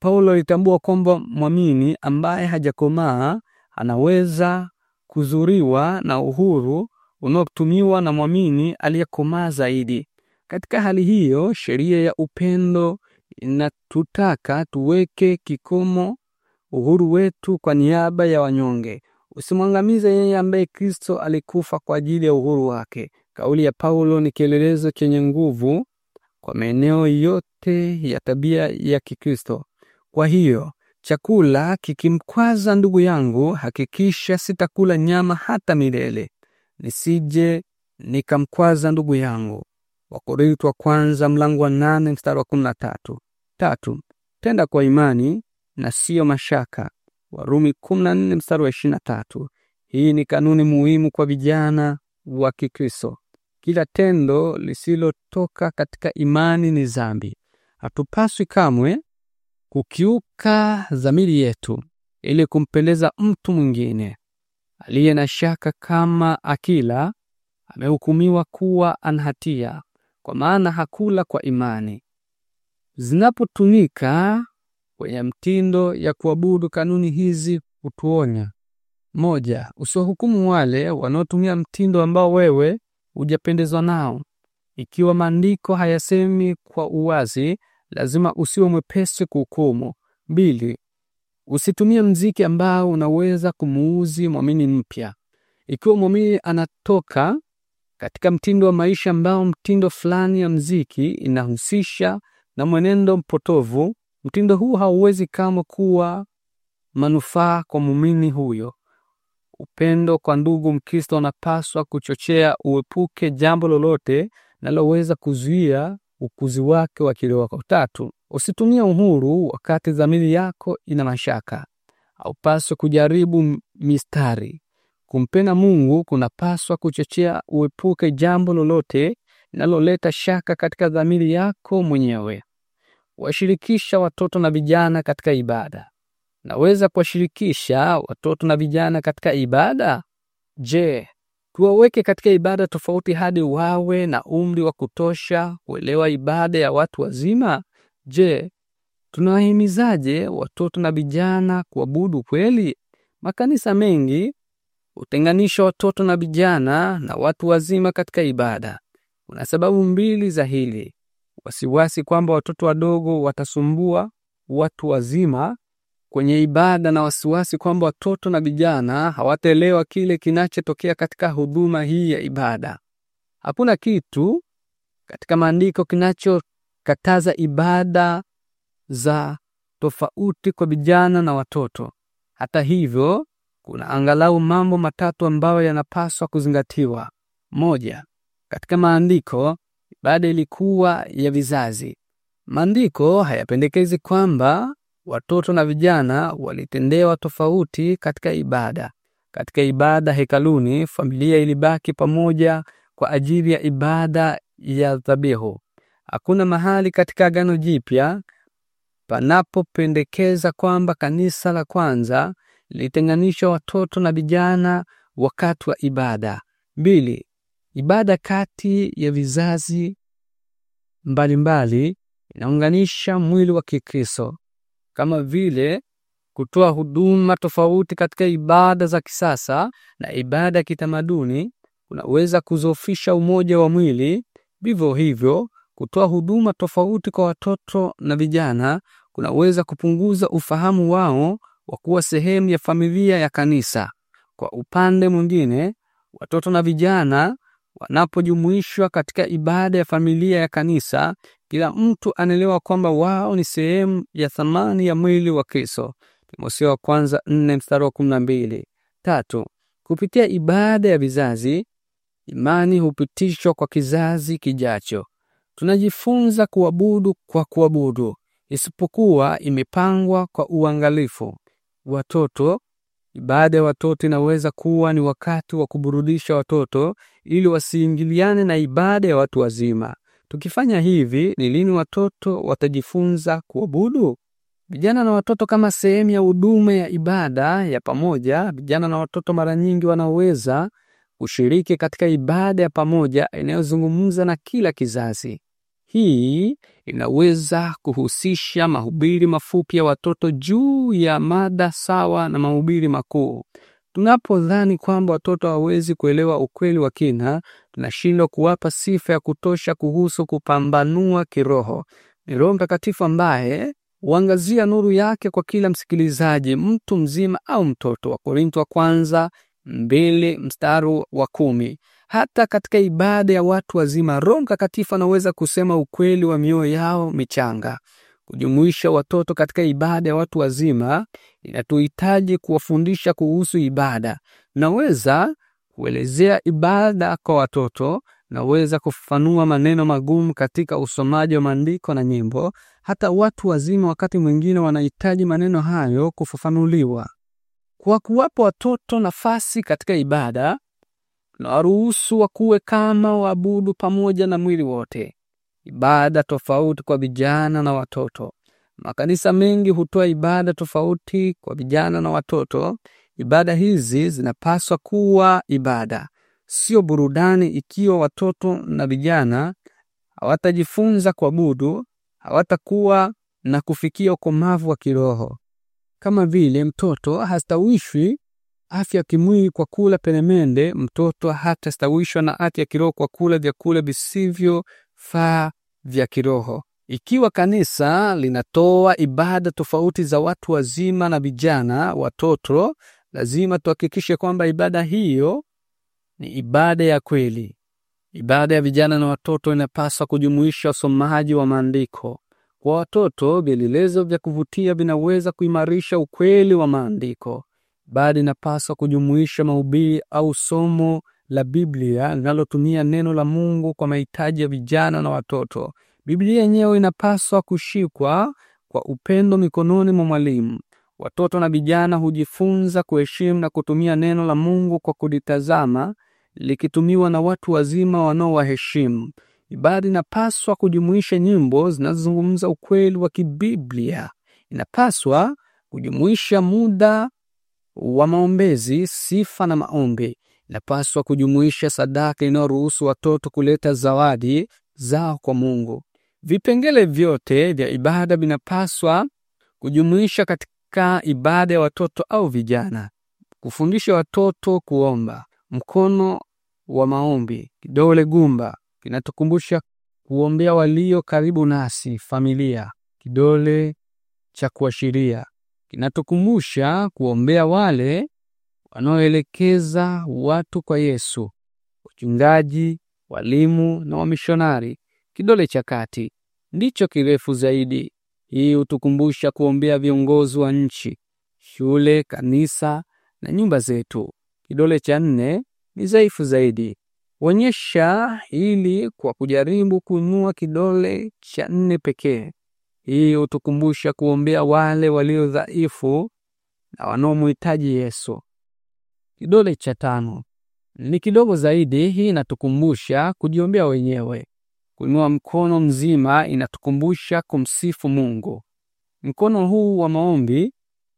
Paulo alitambua kwamba mwamini ambaye hajakomaa anaweza kuzuriwa na uhuru unaotumiwa na mwamini aliyekomaa zaidi. Katika hali hiyo, sheria ya upendo inatutaka tuweke kikomo uhuru wetu kwa niaba ya wanyonge. Usimwangamize yeye ambaye Kristo alikufa kwa ajili ya uhuru wake. Kauli ya Paulo ni kielelezo chenye nguvu kwa maeneo yote ya tabia ya Kikristo. Kwa hiyo chakula kikimkwaza ndugu yangu, hakikisha sitakula nyama hata milele, nisije nikamkwaza ndugu yangu. Wakorintho wa kwanza mlango wa nane mstari wa kumi na tatu. Tatu, tenda kwa imani na siyo mashaka. Warumi kumi na nne mstari wa ishirini na tatu. Hii ni kanuni muhimu kwa vijana wa Kikristo. Kila tendo lisilotoka katika imani ni zambi. Hatupaswi kamwe kukiuka dhamiri yetu ili kumpendeza mtu mwingine aliye na shaka kama akila amehukumiwa kuwa anhatia kwa maana hakula kwa imani. Zinapotumika kwenye mtindo ya kuabudu, kanuni hizi hutuonya: moja, usiwahukumu wale wanaotumia mtindo ambao wewe hujapendezwa nao. Ikiwa maandiko hayasemi kwa uwazi lazima usiwe mwepesi kuhukumu. Mbili, usitumie mziki ambao unaweza kumuuzi mwamini mpya. Ikiwa mwamini anatoka katika mtindo wa maisha ambao mtindo fulani ya mziki inahusisha na mwenendo mpotovu, mtindo huu hauwezi kama kuwa manufaa kwa muumini huyo. Upendo kwa ndugu Mkristo unapaswa kuchochea uepuke jambo lolote linaloweza kuzuia ukuzi wake wa kiroho. Tatu, usitumie uhuru wakati dhamiri yako ina mashaka. Haupaswi kujaribu mistari. Kumpenda Mungu kunapaswa kuchochea uepuke jambo lolote linaloleta shaka katika dhamiri yako mwenyewe. Washirikisha watoto na vijana katika ibada. Naweza kuwashirikisha watoto na vijana katika ibada? Je, tuwaweke katika ibada tofauti hadi wawe na umri wa kutosha kuelewa ibada ya watu wazima? Je, tunawahimizaje watoto na vijana kuabudu kweli? Makanisa mengi hutenganisha watoto na vijana na watu wazima katika ibada. Kuna sababu mbili za hili: wasiwasi kwamba watoto wadogo watasumbua watu wazima kwenye ibada na wasiwasi kwamba watoto na vijana hawataelewa kile kinachotokea katika huduma hii ya ibada. Hakuna kitu katika maandiko kinachokataza ibada za tofauti kwa vijana na watoto. Hata hivyo, kuna angalau mambo matatu ambayo yanapaswa kuzingatiwa. Moja, katika maandiko ibada ilikuwa ya vizazi. Maandiko hayapendekezi kwamba watoto na vijana walitendewa tofauti katika ibada. Katika ibada hekaluni, familia ilibaki pamoja kwa ajili ya ibada ya dhabihu. Hakuna mahali katika Agano Jipya panapopendekeza kwamba kanisa la kwanza lilitenganisha watoto na vijana wakati wa ibada. Bili, ibada kati ya vizazi mbalimbali inaunganisha mwili wa Kikristo kama vile kutoa huduma tofauti katika ibada za kisasa na ibada ya kitamaduni kunaweza kuzofisha umoja wa mwili. Vivyo hivyo, kutoa huduma tofauti kwa watoto na vijana kunaweza kupunguza ufahamu wao wa kuwa sehemu ya familia ya kanisa. Kwa upande mwingine, watoto na vijana wanapojumuishwa katika ibada ya familia ya kanisa kila mtu anaelewa kwamba wao ni sehemu ya thamani ya mwili wa Kristo. Timotheo wa kwanza nne mstari wa kumi na mbili. Tatu, kupitia ibada ya vizazi, imani hupitishwa kwa kizazi kijacho. Tunajifunza kuabudu kwa kuabudu, isipokuwa imepangwa kwa uangalifu. Watoto, ibada ya watoto inaweza kuwa ni wakati wa kuburudisha watoto ili wasiingiliane na ibada ya watu wazima. Tukifanya hivi, ni lini watoto watajifunza kuabudu? Vijana na watoto kama sehemu ya huduma ya ibada ya pamoja. Vijana na watoto mara nyingi wanaweza kushiriki katika ibada ya pamoja inayozungumza na kila kizazi. Hii inaweza kuhusisha mahubiri mafupi ya watoto juu ya mada sawa na mahubiri makuu. Tunapodhani kwamba watoto hawawezi kuelewa ukweli wa kina, tunashindwa kuwapa sifa ya kutosha kuhusu kupambanua kiroho. Ni Roho Mtakatifu ambaye huangazia nuru yake kwa kila msikilizaji, mtu mzima au mtoto. Wakorintho wa kwanza mbili mstari wa kumi. Hata katika ibada ya watu wazima, Roho Mtakatifu anaweza kusema ukweli wa mioyo yao michanga. Kujumuisha watoto katika ibada ya watu wazima inatuhitaji kuwafundisha kuhusu ibada. Naweza kuelezea ibada kwa watoto, naweza kufafanua maneno magumu katika usomaji wa maandiko na nyimbo. Hata watu wazima wakati mwingine wanahitaji maneno hayo kufafanuliwa. Kwa kuwapa watoto nafasi katika ibada, nawaruhusu wakuwe kama waabudu pamoja na mwili wote ibada tofauti kwa vijana na watoto. Makanisa mengi hutoa ibada tofauti kwa vijana na watoto. Ibada hizi zinapaswa kuwa ibada, sio burudani. Ikiwa watoto na vijana hawatajifunza kuabudu, hawatakuwa na kufikia ukomavu wa kiroho. Kama vile mtoto hastawishwi afya ya kimwili kwa kula peremende, mtoto hatastawishwa na afya ya kiroho kwa kula vyakula visivyofaa vya kiroho. Ikiwa kanisa linatoa ibada tofauti za watu wazima na vijana, watoto, lazima tuhakikishe kwamba ibada hiyo ni ibada ya kweli. Ibada ya vijana na watoto inapaswa kujumuisha usomaji wa maandiko. Kwa watoto, vielelezo vya kuvutia vinaweza kuimarisha ukweli wa maandiko. Ibada inapaswa kujumuisha mahubiri au somo la Biblia linalotumia neno la Mungu kwa mahitaji ya vijana na watoto. Biblia yenyewe inapaswa kushikwa kwa upendo mikononi mwa mwalimu. Watoto na vijana hujifunza kuheshimu na kutumia neno la Mungu kwa kulitazama likitumiwa na watu wazima wanaowaheshimu. Ibada inapaswa kujumuisha nyimbo zinazozungumza ukweli wa kibiblia. Inapaswa kujumuisha muda wa maombezi, sifa na maombi inapaswa kujumuisha sadaka inayoruhusu watoto kuleta zawadi zao kwa Mungu. Vipengele vyote vya ibada vinapaswa kujumuisha katika ibada ya watoto au vijana: kufundisha watoto kuomba, mkono wa maombi, kidole gumba kinatukumbusha kuombea walio karibu nasi, familia, kidole cha kuashiria kinatukumbusha kuombea wale wanaoelekeza watu kwa Yesu, wachungaji, walimu na wamishonari. Kidole cha kati ndicho kirefu zaidi. Hii hutukumbusha kuombea viongozi wa nchi, shule, kanisa na nyumba zetu. Kidole cha nne ni dhaifu zaidi. Huonyesha hili kwa kujaribu kuinua kidole cha nne pekee. Hii hutukumbusha kuombea wale walio dhaifu na wanaomhitaji Yesu. Kidole cha tano ni kidogo zaidi. Hii inatukumbusha kujiombea wenyewe. Kuinua mkono mzima inatukumbusha kumsifu Mungu. Mkono huu wa maombi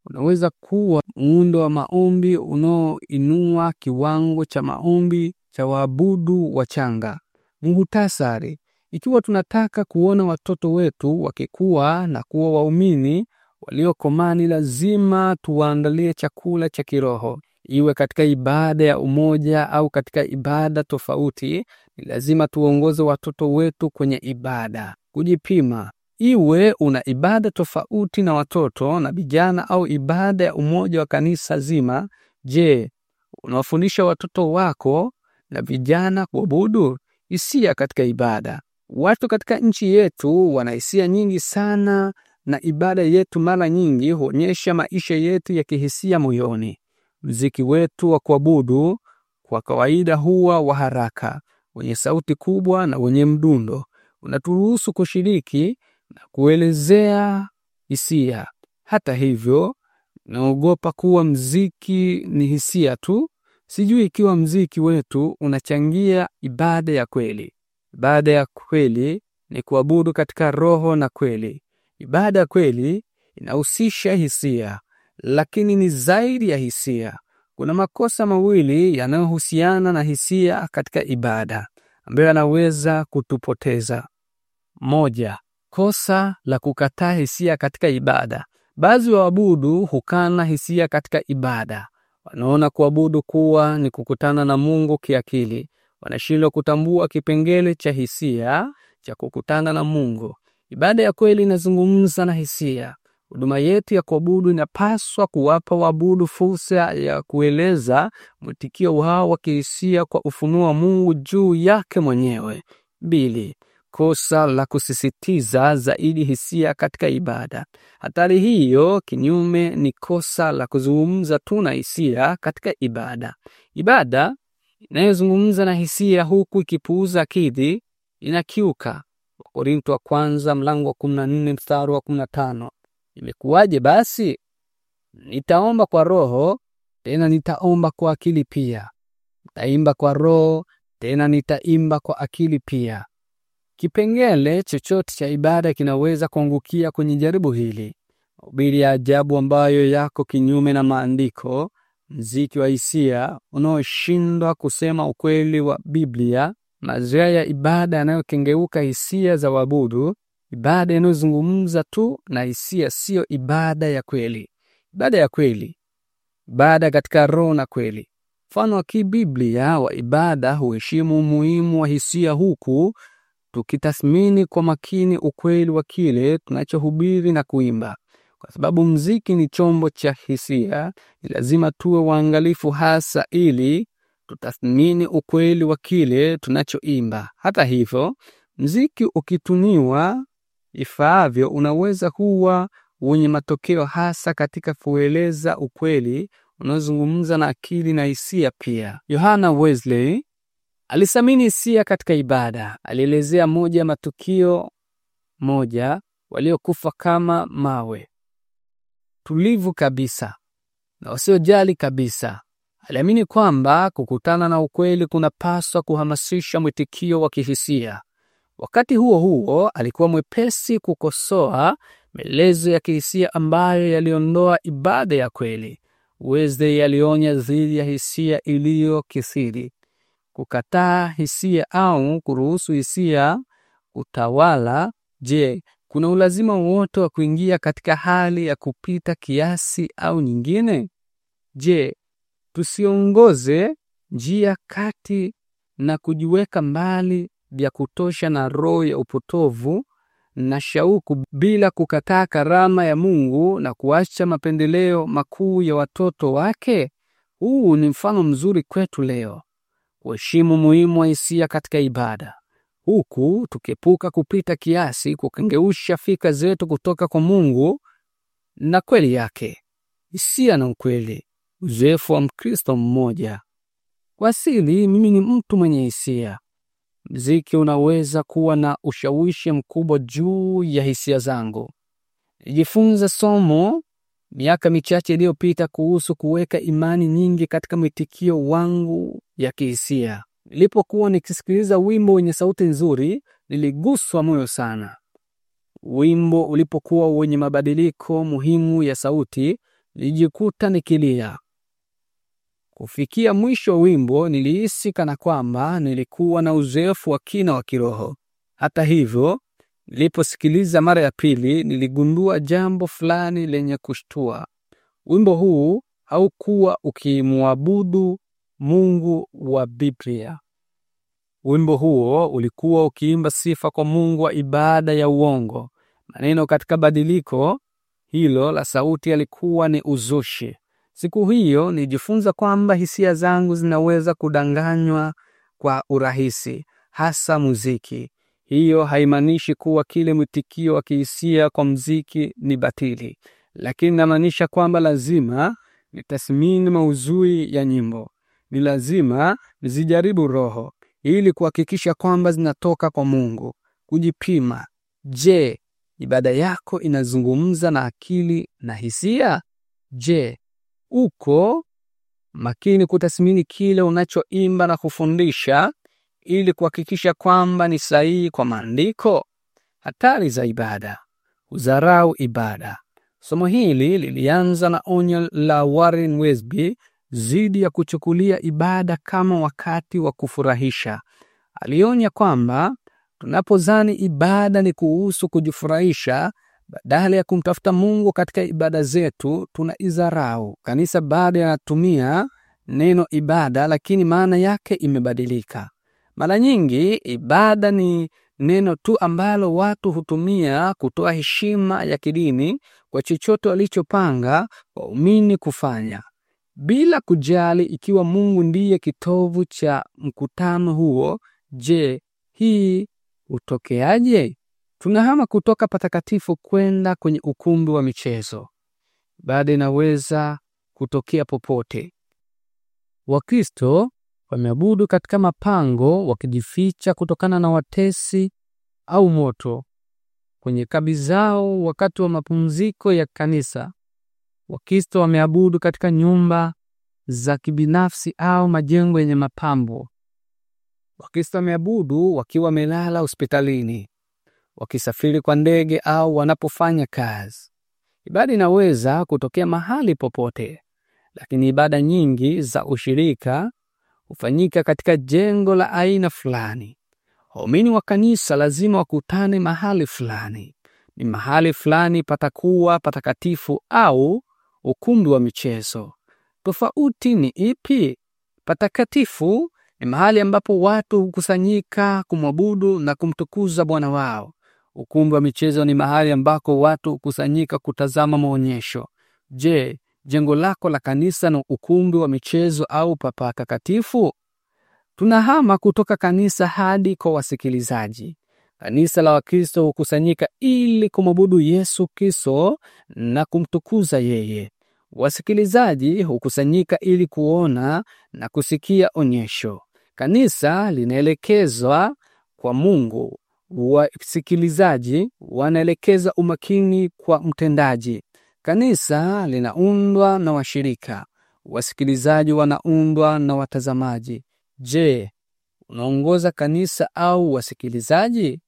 unaweza kuwa muundo wa maombi unaoinua kiwango cha maombi cha waabudu wachanga. Muhutasari: ikiwa tunataka kuona watoto wetu wakikuwa na kuwa waumini waliokomani lazima tuwaandalie chakula cha kiroho iwe katika ibada ya umoja au katika ibada tofauti, ni lazima tuongoze watoto wetu kwenye ibada. Kujipima, iwe una ibada tofauti na watoto na vijana au ibada ya umoja wa kanisa zima. Je, unawafundisha watoto wako na vijana kuabudu? Hisia katika ibada. Watu katika nchi yetu wana hisia nyingi sana, na ibada yetu mara nyingi huonyesha maisha yetu ya kihisia moyoni. Mziki wetu wa kuabudu kwa kawaida huwa wa haraka, wenye sauti kubwa na wenye mdundo. Unaturuhusu kushiriki na kuelezea hisia. Hata hivyo, naogopa kuwa mziki ni hisia tu. Sijui ikiwa mziki wetu unachangia ibada ya kweli. Ibada ya kweli ni kuabudu katika roho na kweli. Ibada ya kweli inahusisha hisia lakini ni zaidi ya hisia. Kuna makosa mawili yanayohusiana na hisia katika ibada ambayo yanaweza kutupoteza. Moja, kosa la kukataa hisia katika ibada. Baadhi wa waabudu hukana hisia katika ibada. Wanaona kuabudu kuwa ni kukutana na Mungu kiakili. Wanashindwa kutambua kipengele cha hisia cha kukutana na Mungu. Ibada ya kweli inazungumza na hisia. Huduma yetu ya kuabudu inapaswa kuwapa waabudu fursa ya kueleza mwitikio wao wa kihisia kwa ufunuo wa Mungu juu yake mwenyewe. Bili, kosa la kusisitiza zaidi hisia katika ibada. Hatari hiyo kinyume ni kosa la kuzungumza tu na hisia katika ibada. Ibada inayozungumza na hisia huku ikipuuza akili inakiuka Wakorintho wa kwanza mlango wa 14 mstari wa 15. Imekuwaje basi? Nitaomba kwa roho, tena nitaomba kwa akili pia. Nitaimba kwa roho, tena nitaimba kwa akili pia. Kipengele chochote cha ibada kinaweza kuangukia kwenye jaribu hili: mahubiri ya ajabu ambayo yako kinyume na maandiko, mziki wa hisia unaoshindwa kusema ukweli wa Biblia, mazoea ya ibada yanayokengeuka hisia za wabudu, Ibada inayozungumza tu na hisia siyo ibada ya kweli. Ibada ya kweli, ibada katika roho na kweli. Mfano wa kibiblia wa ibada huheshimu umuhimu wa hisia, huku tukitathmini kwa makini ukweli wa kile tunachohubiri na kuimba. Kwa sababu mziki ni chombo cha hisia, ni lazima tuwe waangalifu, hasa ili tutathmini ukweli wa kile tunachoimba. Hata hivyo, mziki ukituniwa ifaavyo unaweza kuwa wenye matokeo hasa katika kueleza ukweli unaozungumza na akili na hisia pia. Yohana Wesley alisamini hisia katika ibada. Alielezea moja ya matukio moja waliokufa kama mawe, tulivu kabisa na wasiojali kabisa. Aliamini kwamba kukutana na ukweli kunapaswa kuhamasisha mwitikio wa kihisia. Wakati huo huo, alikuwa mwepesi kukosoa maelezo ya kihisia ambayo yaliondoa ibada ya kweli. Wesley alionya dhidi ya hisia iliyokithiri. Kukataa hisia au kuruhusu hisia kutawala. Je, kuna ulazima wote wa kuingia katika hali ya kupita kiasi au nyingine? Je, tusiongoze njia kati na kujiweka mbali vya kutosha na roho ya upotovu na shauku bila kukataa karama ya Mungu na kuacha mapendeleo makuu ya watoto wake. Huu ni mfano mzuri kwetu leo kuheshimu muhimu wa hisia katika ibada, huku tukiepuka kupita kiasi kukengeusha fikra zetu kutoka kwa Mungu na kweli yake. Hisia na ukweli, uzoefu wa Mkristo mmoja. Kwa asili, mimi ni mtu mwenye hisia mziki unaweza kuwa na ushawishi mkubwa juu ya hisia zangu. Nijifunza somo miaka michache iliyopita kuhusu kuweka imani nyingi katika mwitikio wangu ya kihisia. Nilipokuwa nikisikiliza wimbo wenye sauti nzuri, niliguswa moyo sana. Wimbo ulipokuwa wenye mabadiliko muhimu ya sauti, nilijikuta nikilia. Kufikia mwisho wa wimbo, nilihisi kana kwamba nilikuwa na uzoefu wa kina wa kiroho. Hata hivyo, niliposikiliza mara ya pili, niligundua jambo fulani lenye kushtua. Wimbo huu haukuwa ukimwabudu Mungu wa Biblia. Wimbo huo ulikuwa ukiimba sifa kwa Mungu wa ibada ya uongo. Maneno katika badiliko hilo la sauti yalikuwa ni uzushi. Siku hiyo nijifunza kwamba hisia zangu zinaweza kudanganywa kwa urahisi, hasa muziki. Hiyo haimaanishi kuwa kile mwitikio wa kihisia kwa muziki ni batili, lakini namaanisha kwamba lazima nitathmini mauzui ya nyimbo, ni lazima nizijaribu roho ili kuhakikisha kwamba zinatoka kwa Mungu. Kujipima: je, ibada yako inazungumza na akili na hisia? Je, uko makini kutathmini kile unachoimba na kufundisha ili kuhakikisha kwamba ni sahihi kwa maandiko. Hatari za ibada: kudharau ibada. Somo hili lilianza na onyo la Warren wesby dhidi ya kuchukulia ibada kama wakati wa kufurahisha. Alionya kwamba tunapozani ibada ni kuhusu kujifurahisha badala ya kumtafuta Mungu katika ibada zetu, tuna izarau. Kanisa baada yanatumia neno ibada, lakini maana yake imebadilika. Mara nyingi ibada ni neno tu ambalo watu hutumia kutoa heshima ya kidini kwa chochote walichopanga waumini kufanya bila kujali ikiwa Mungu ndiye kitovu cha mkutano huo. Je, hii hutokeaje? Tunahama kutoka patakatifu kwenda kwenye ukumbi wa michezo. Baada inaweza kutokea popote. Wakristo wameabudu katika mapango wakijificha kutokana na watesi au moto kwenye kabi zao. Wakati wa mapumziko ya kanisa, Wakristo wameabudu katika nyumba za kibinafsi au majengo yenye mapambo. Wakristo wameabudu wakiwa wamelala hospitalini wakisafiri kwa ndege au wanapofanya kazi. Ibada inaweza kutokea mahali popote, lakini ibada nyingi za ushirika hufanyika katika jengo la aina fulani. Waumini wa kanisa lazima wakutane mahali fulani. Ni mahali fulani patakuwa patakatifu au ukumbi wa michezo. Tofauti ni ipi? Patakatifu ni mahali ambapo watu hukusanyika kumwabudu na kumtukuza Bwana wao. Ukumbi wa michezo ni mahali ambako watu hukusanyika kutazama maonyesho. Je, jengo lako la kanisa na ukumbi wa michezo au papatakatifu? Tunahama kutoka kanisa hadi kwa wasikilizaji. Kanisa la Wakristo hukusanyika ili kumwabudu Yesu Kristo na kumtukuza yeye. Wasikilizaji hukusanyika ili kuona na kusikia onyesho. Kanisa linaelekezwa kwa Mungu wasikilizaji wanaelekeza umakini kwa mtendaji. Kanisa linaundwa na washirika, wasikilizaji wanaundwa na watazamaji. Je, unaongoza kanisa au wasikilizaji?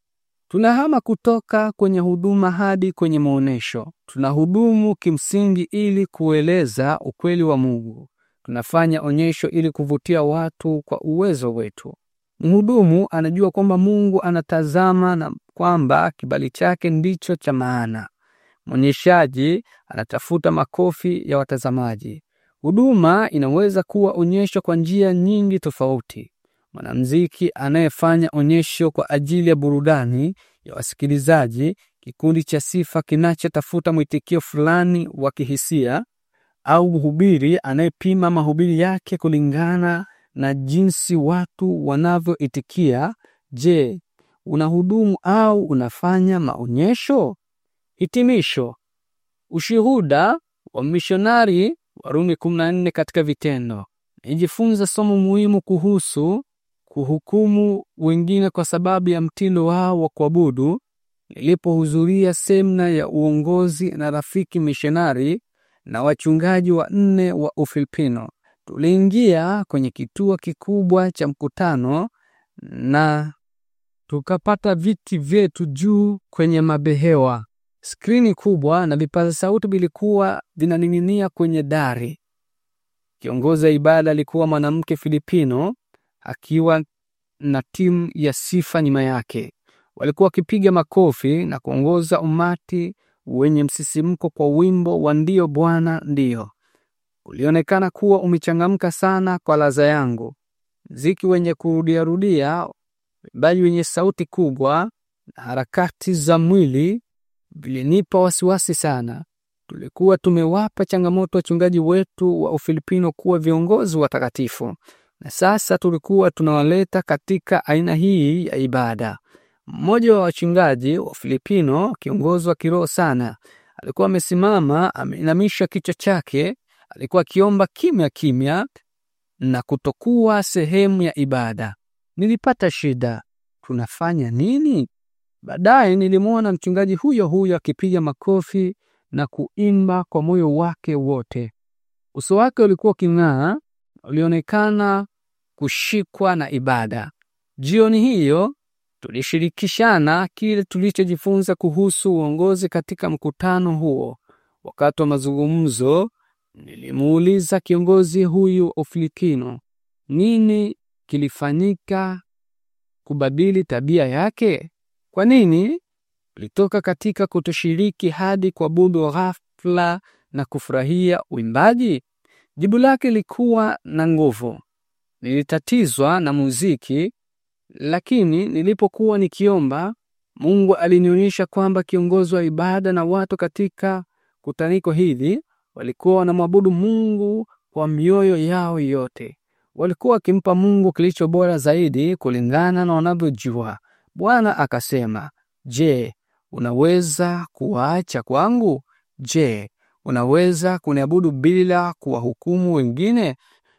Tunahama kutoka kwenye huduma hadi kwenye tuna Tunahudumu kimsingi ili kueleza ukweli wa Mungu. Tunafanya onyesho ili kuvutia watu kwa uwezo wetu. Mhudumu anajua kwamba Mungu anatazama na kwamba kibali chake ndicho cha maana. Mwonyeshaji anatafuta makofi ya watazamaji. Huduma inaweza kuwa onyesho kwa njia nyingi tofauti. Mwanamuziki anayefanya onyesho kwa ajili ya burudani ya wasikilizaji, kikundi cha sifa kinachotafuta mwitikio fulani wa kihisia, au mhubiri anayepima mahubiri yake kulingana na jinsi watu wanavyoitikia. Je, unahudumu au unafanya maonyesho? Hitimisho: ushuhuda wa mishonari, Warumi 14 katika vitendo. Nijifunza somo muhimu kuhusu kuhukumu wengine kwa sababu ya mtindo wao wa kuabudu nilipohudhuria semina ya uongozi na rafiki mishonari na wachungaji wa nne wa Ufilipino. Tuliingia kwenye kituo kikubwa cha mkutano na tukapata viti vyetu juu kwenye mabehewa. Skrini kubwa na vipaza sauti vilikuwa vinaning'inia kwenye dari. Kiongozi wa ibada alikuwa mwanamke Filipino akiwa na timu ya sifa nyuma yake. Walikuwa wakipiga makofi na kuongoza umati wenye msisimko kwa wimbo wa ndio Bwana ndio ulionekana kuwa umechangamka sana kwa laza yangu. Mziki wenye kurudiarudia, uimbaji wenye sauti kubwa na harakati za mwili vilinipa wasiwasi sana. Tulikuwa tumewapa changamoto wachungaji wetu wa Ufilipino kuwa viongozi watakatifu, na sasa tulikuwa tunawaleta katika aina hii ya ibada. Mmoja wa wachungaji wa Filipino, kiongozi wa kiroho sana, alikuwa amesimama ameinamisha kichwa chake alikuwa akiomba kimya kimya na kutokuwa sehemu ya ibada. Nilipata shida, tunafanya nini? Baadaye nilimwona mchungaji huyo huyo akipiga makofi na kuimba kwa moyo wake wote. Uso wake ulikuwa uking'aa, ulionekana kushikwa na ibada. Jioni hiyo tulishirikishana kile tulichojifunza kuhusu uongozi katika mkutano huo. Wakati wa mazungumzo, Nilimuuliza kiongozi huyu ufilipino nini kilifanyika kubadili tabia yake, kwa nini litoka katika kutoshiriki hadi kwa kuabudu ghafla na kufurahia uimbaji. Jibu lake lilikuwa na nguvu. Nilitatizwa na muziki, lakini nilipokuwa nikiomba, Mungu alinionyesha kwamba kiongozi wa ibada na watu katika kutaniko hili Walikuwa wanamwabudu Mungu kwa mioyo yao yote. Walikuwa wakimpa Mungu kilicho bora zaidi kulingana na wanavyojua. Bwana akasema, "Je, unaweza kuwaacha kwangu? Je, unaweza kuniabudu bila kuwahukumu wengine?"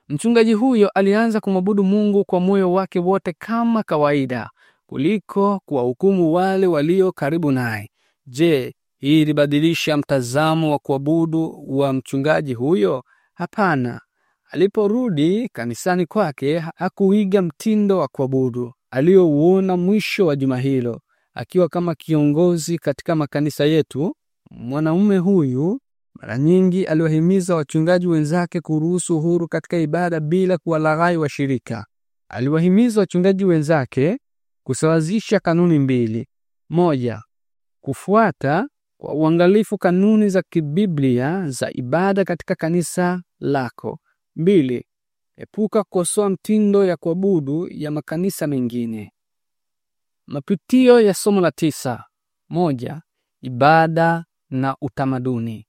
Mchungaji huyo alianza kumwabudu Mungu kwa moyo wake wote kama kawaida, kuliko kuwahukumu wale walio karibu naye. Je, hii ilibadilisha mtazamo wa kuabudu wa mchungaji huyo? Hapana. Aliporudi kanisani kwake hakuiga mtindo wa kuabudu aliyouona mwisho wa juma hilo. Akiwa kama kiongozi katika makanisa yetu, mwanaume huyu mara nyingi aliwahimiza wachungaji wenzake kuruhusu uhuru katika ibada bila kuwalaghai washirika. Aliwahimiza wachungaji wenzake kusawazisha kanuni mbili: moja, kufuata kwa uangalifu kanuni za kibiblia za ibada katika kanisa lako. Mbili, epuka kukosoa mtindo ya kuabudu ya makanisa mengine. Mapitio ya somo la tisa. Moja, ibada na utamaduni.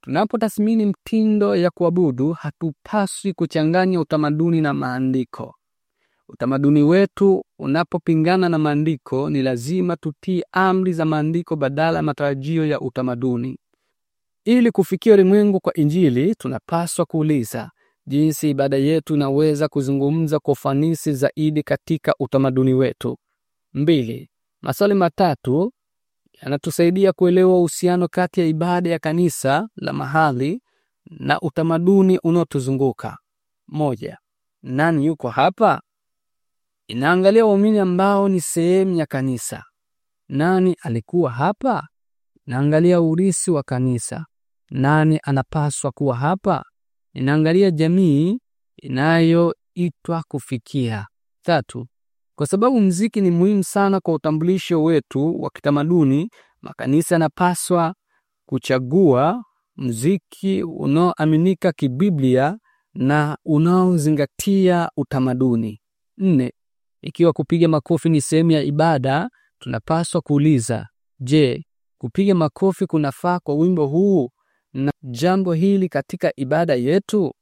Tunapotathmini mtindo ya kuabudu, hatupaswi kuchanganya utamaduni na maandiko. Utamaduni wetu unapopingana na maandiko, ni lazima tutii amri za maandiko badala ya matarajio ya utamaduni. Ili kufikia ulimwengu kwa Injili, tunapaswa kuuliza jinsi ibada yetu inaweza kuzungumza kwa ufanisi zaidi katika utamaduni wetu. Mbili, maswali matatu yanatusaidia kuelewa uhusiano kati ya ibada ya kanisa la mahali na utamaduni unaotuzunguka. Moja, nani yuko hapa? inaangalia waumini ambao ni sehemu ya kanisa. Nani alikuwa hapa? Inaangalia urisi wa kanisa. Nani anapaswa kuwa hapa? Inaangalia jamii inayoitwa kufikia. Tatu, kwa sababu mziki ni muhimu sana kwa utambulisho wetu wa kitamaduni, makanisa yanapaswa kuchagua mziki unaoaminika kibiblia na unaozingatia utamaduni. Nne, ikiwa kupiga makofi ni sehemu ya ibada, tunapaswa kuuliza, je, kupiga makofi kunafaa kwa wimbo huu na jambo hili katika ibada yetu?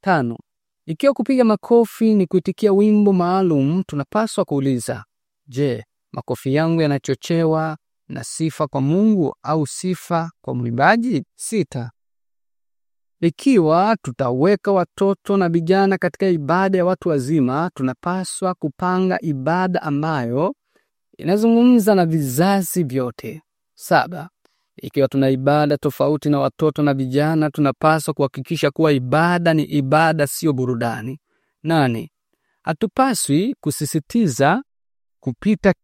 Tano, ikiwa kupiga makofi ni kuitikia wimbo maalum, tunapaswa kuuliza, je, makofi yangu yanachochewa na sifa kwa Mungu au sifa kwa mwimbaji? Sita, ikiwa tutaweka watoto na vijana katika ibada ya watu wazima, tunapaswa kupanga ibada ambayo inazungumza na vizazi vyote. Saba, ikiwa tuna ibada tofauti na watoto na vijana, tunapaswa kuhakikisha kuwa ibada ni ibada, sio burudani. Nane, hatupaswi kusisitiza kupita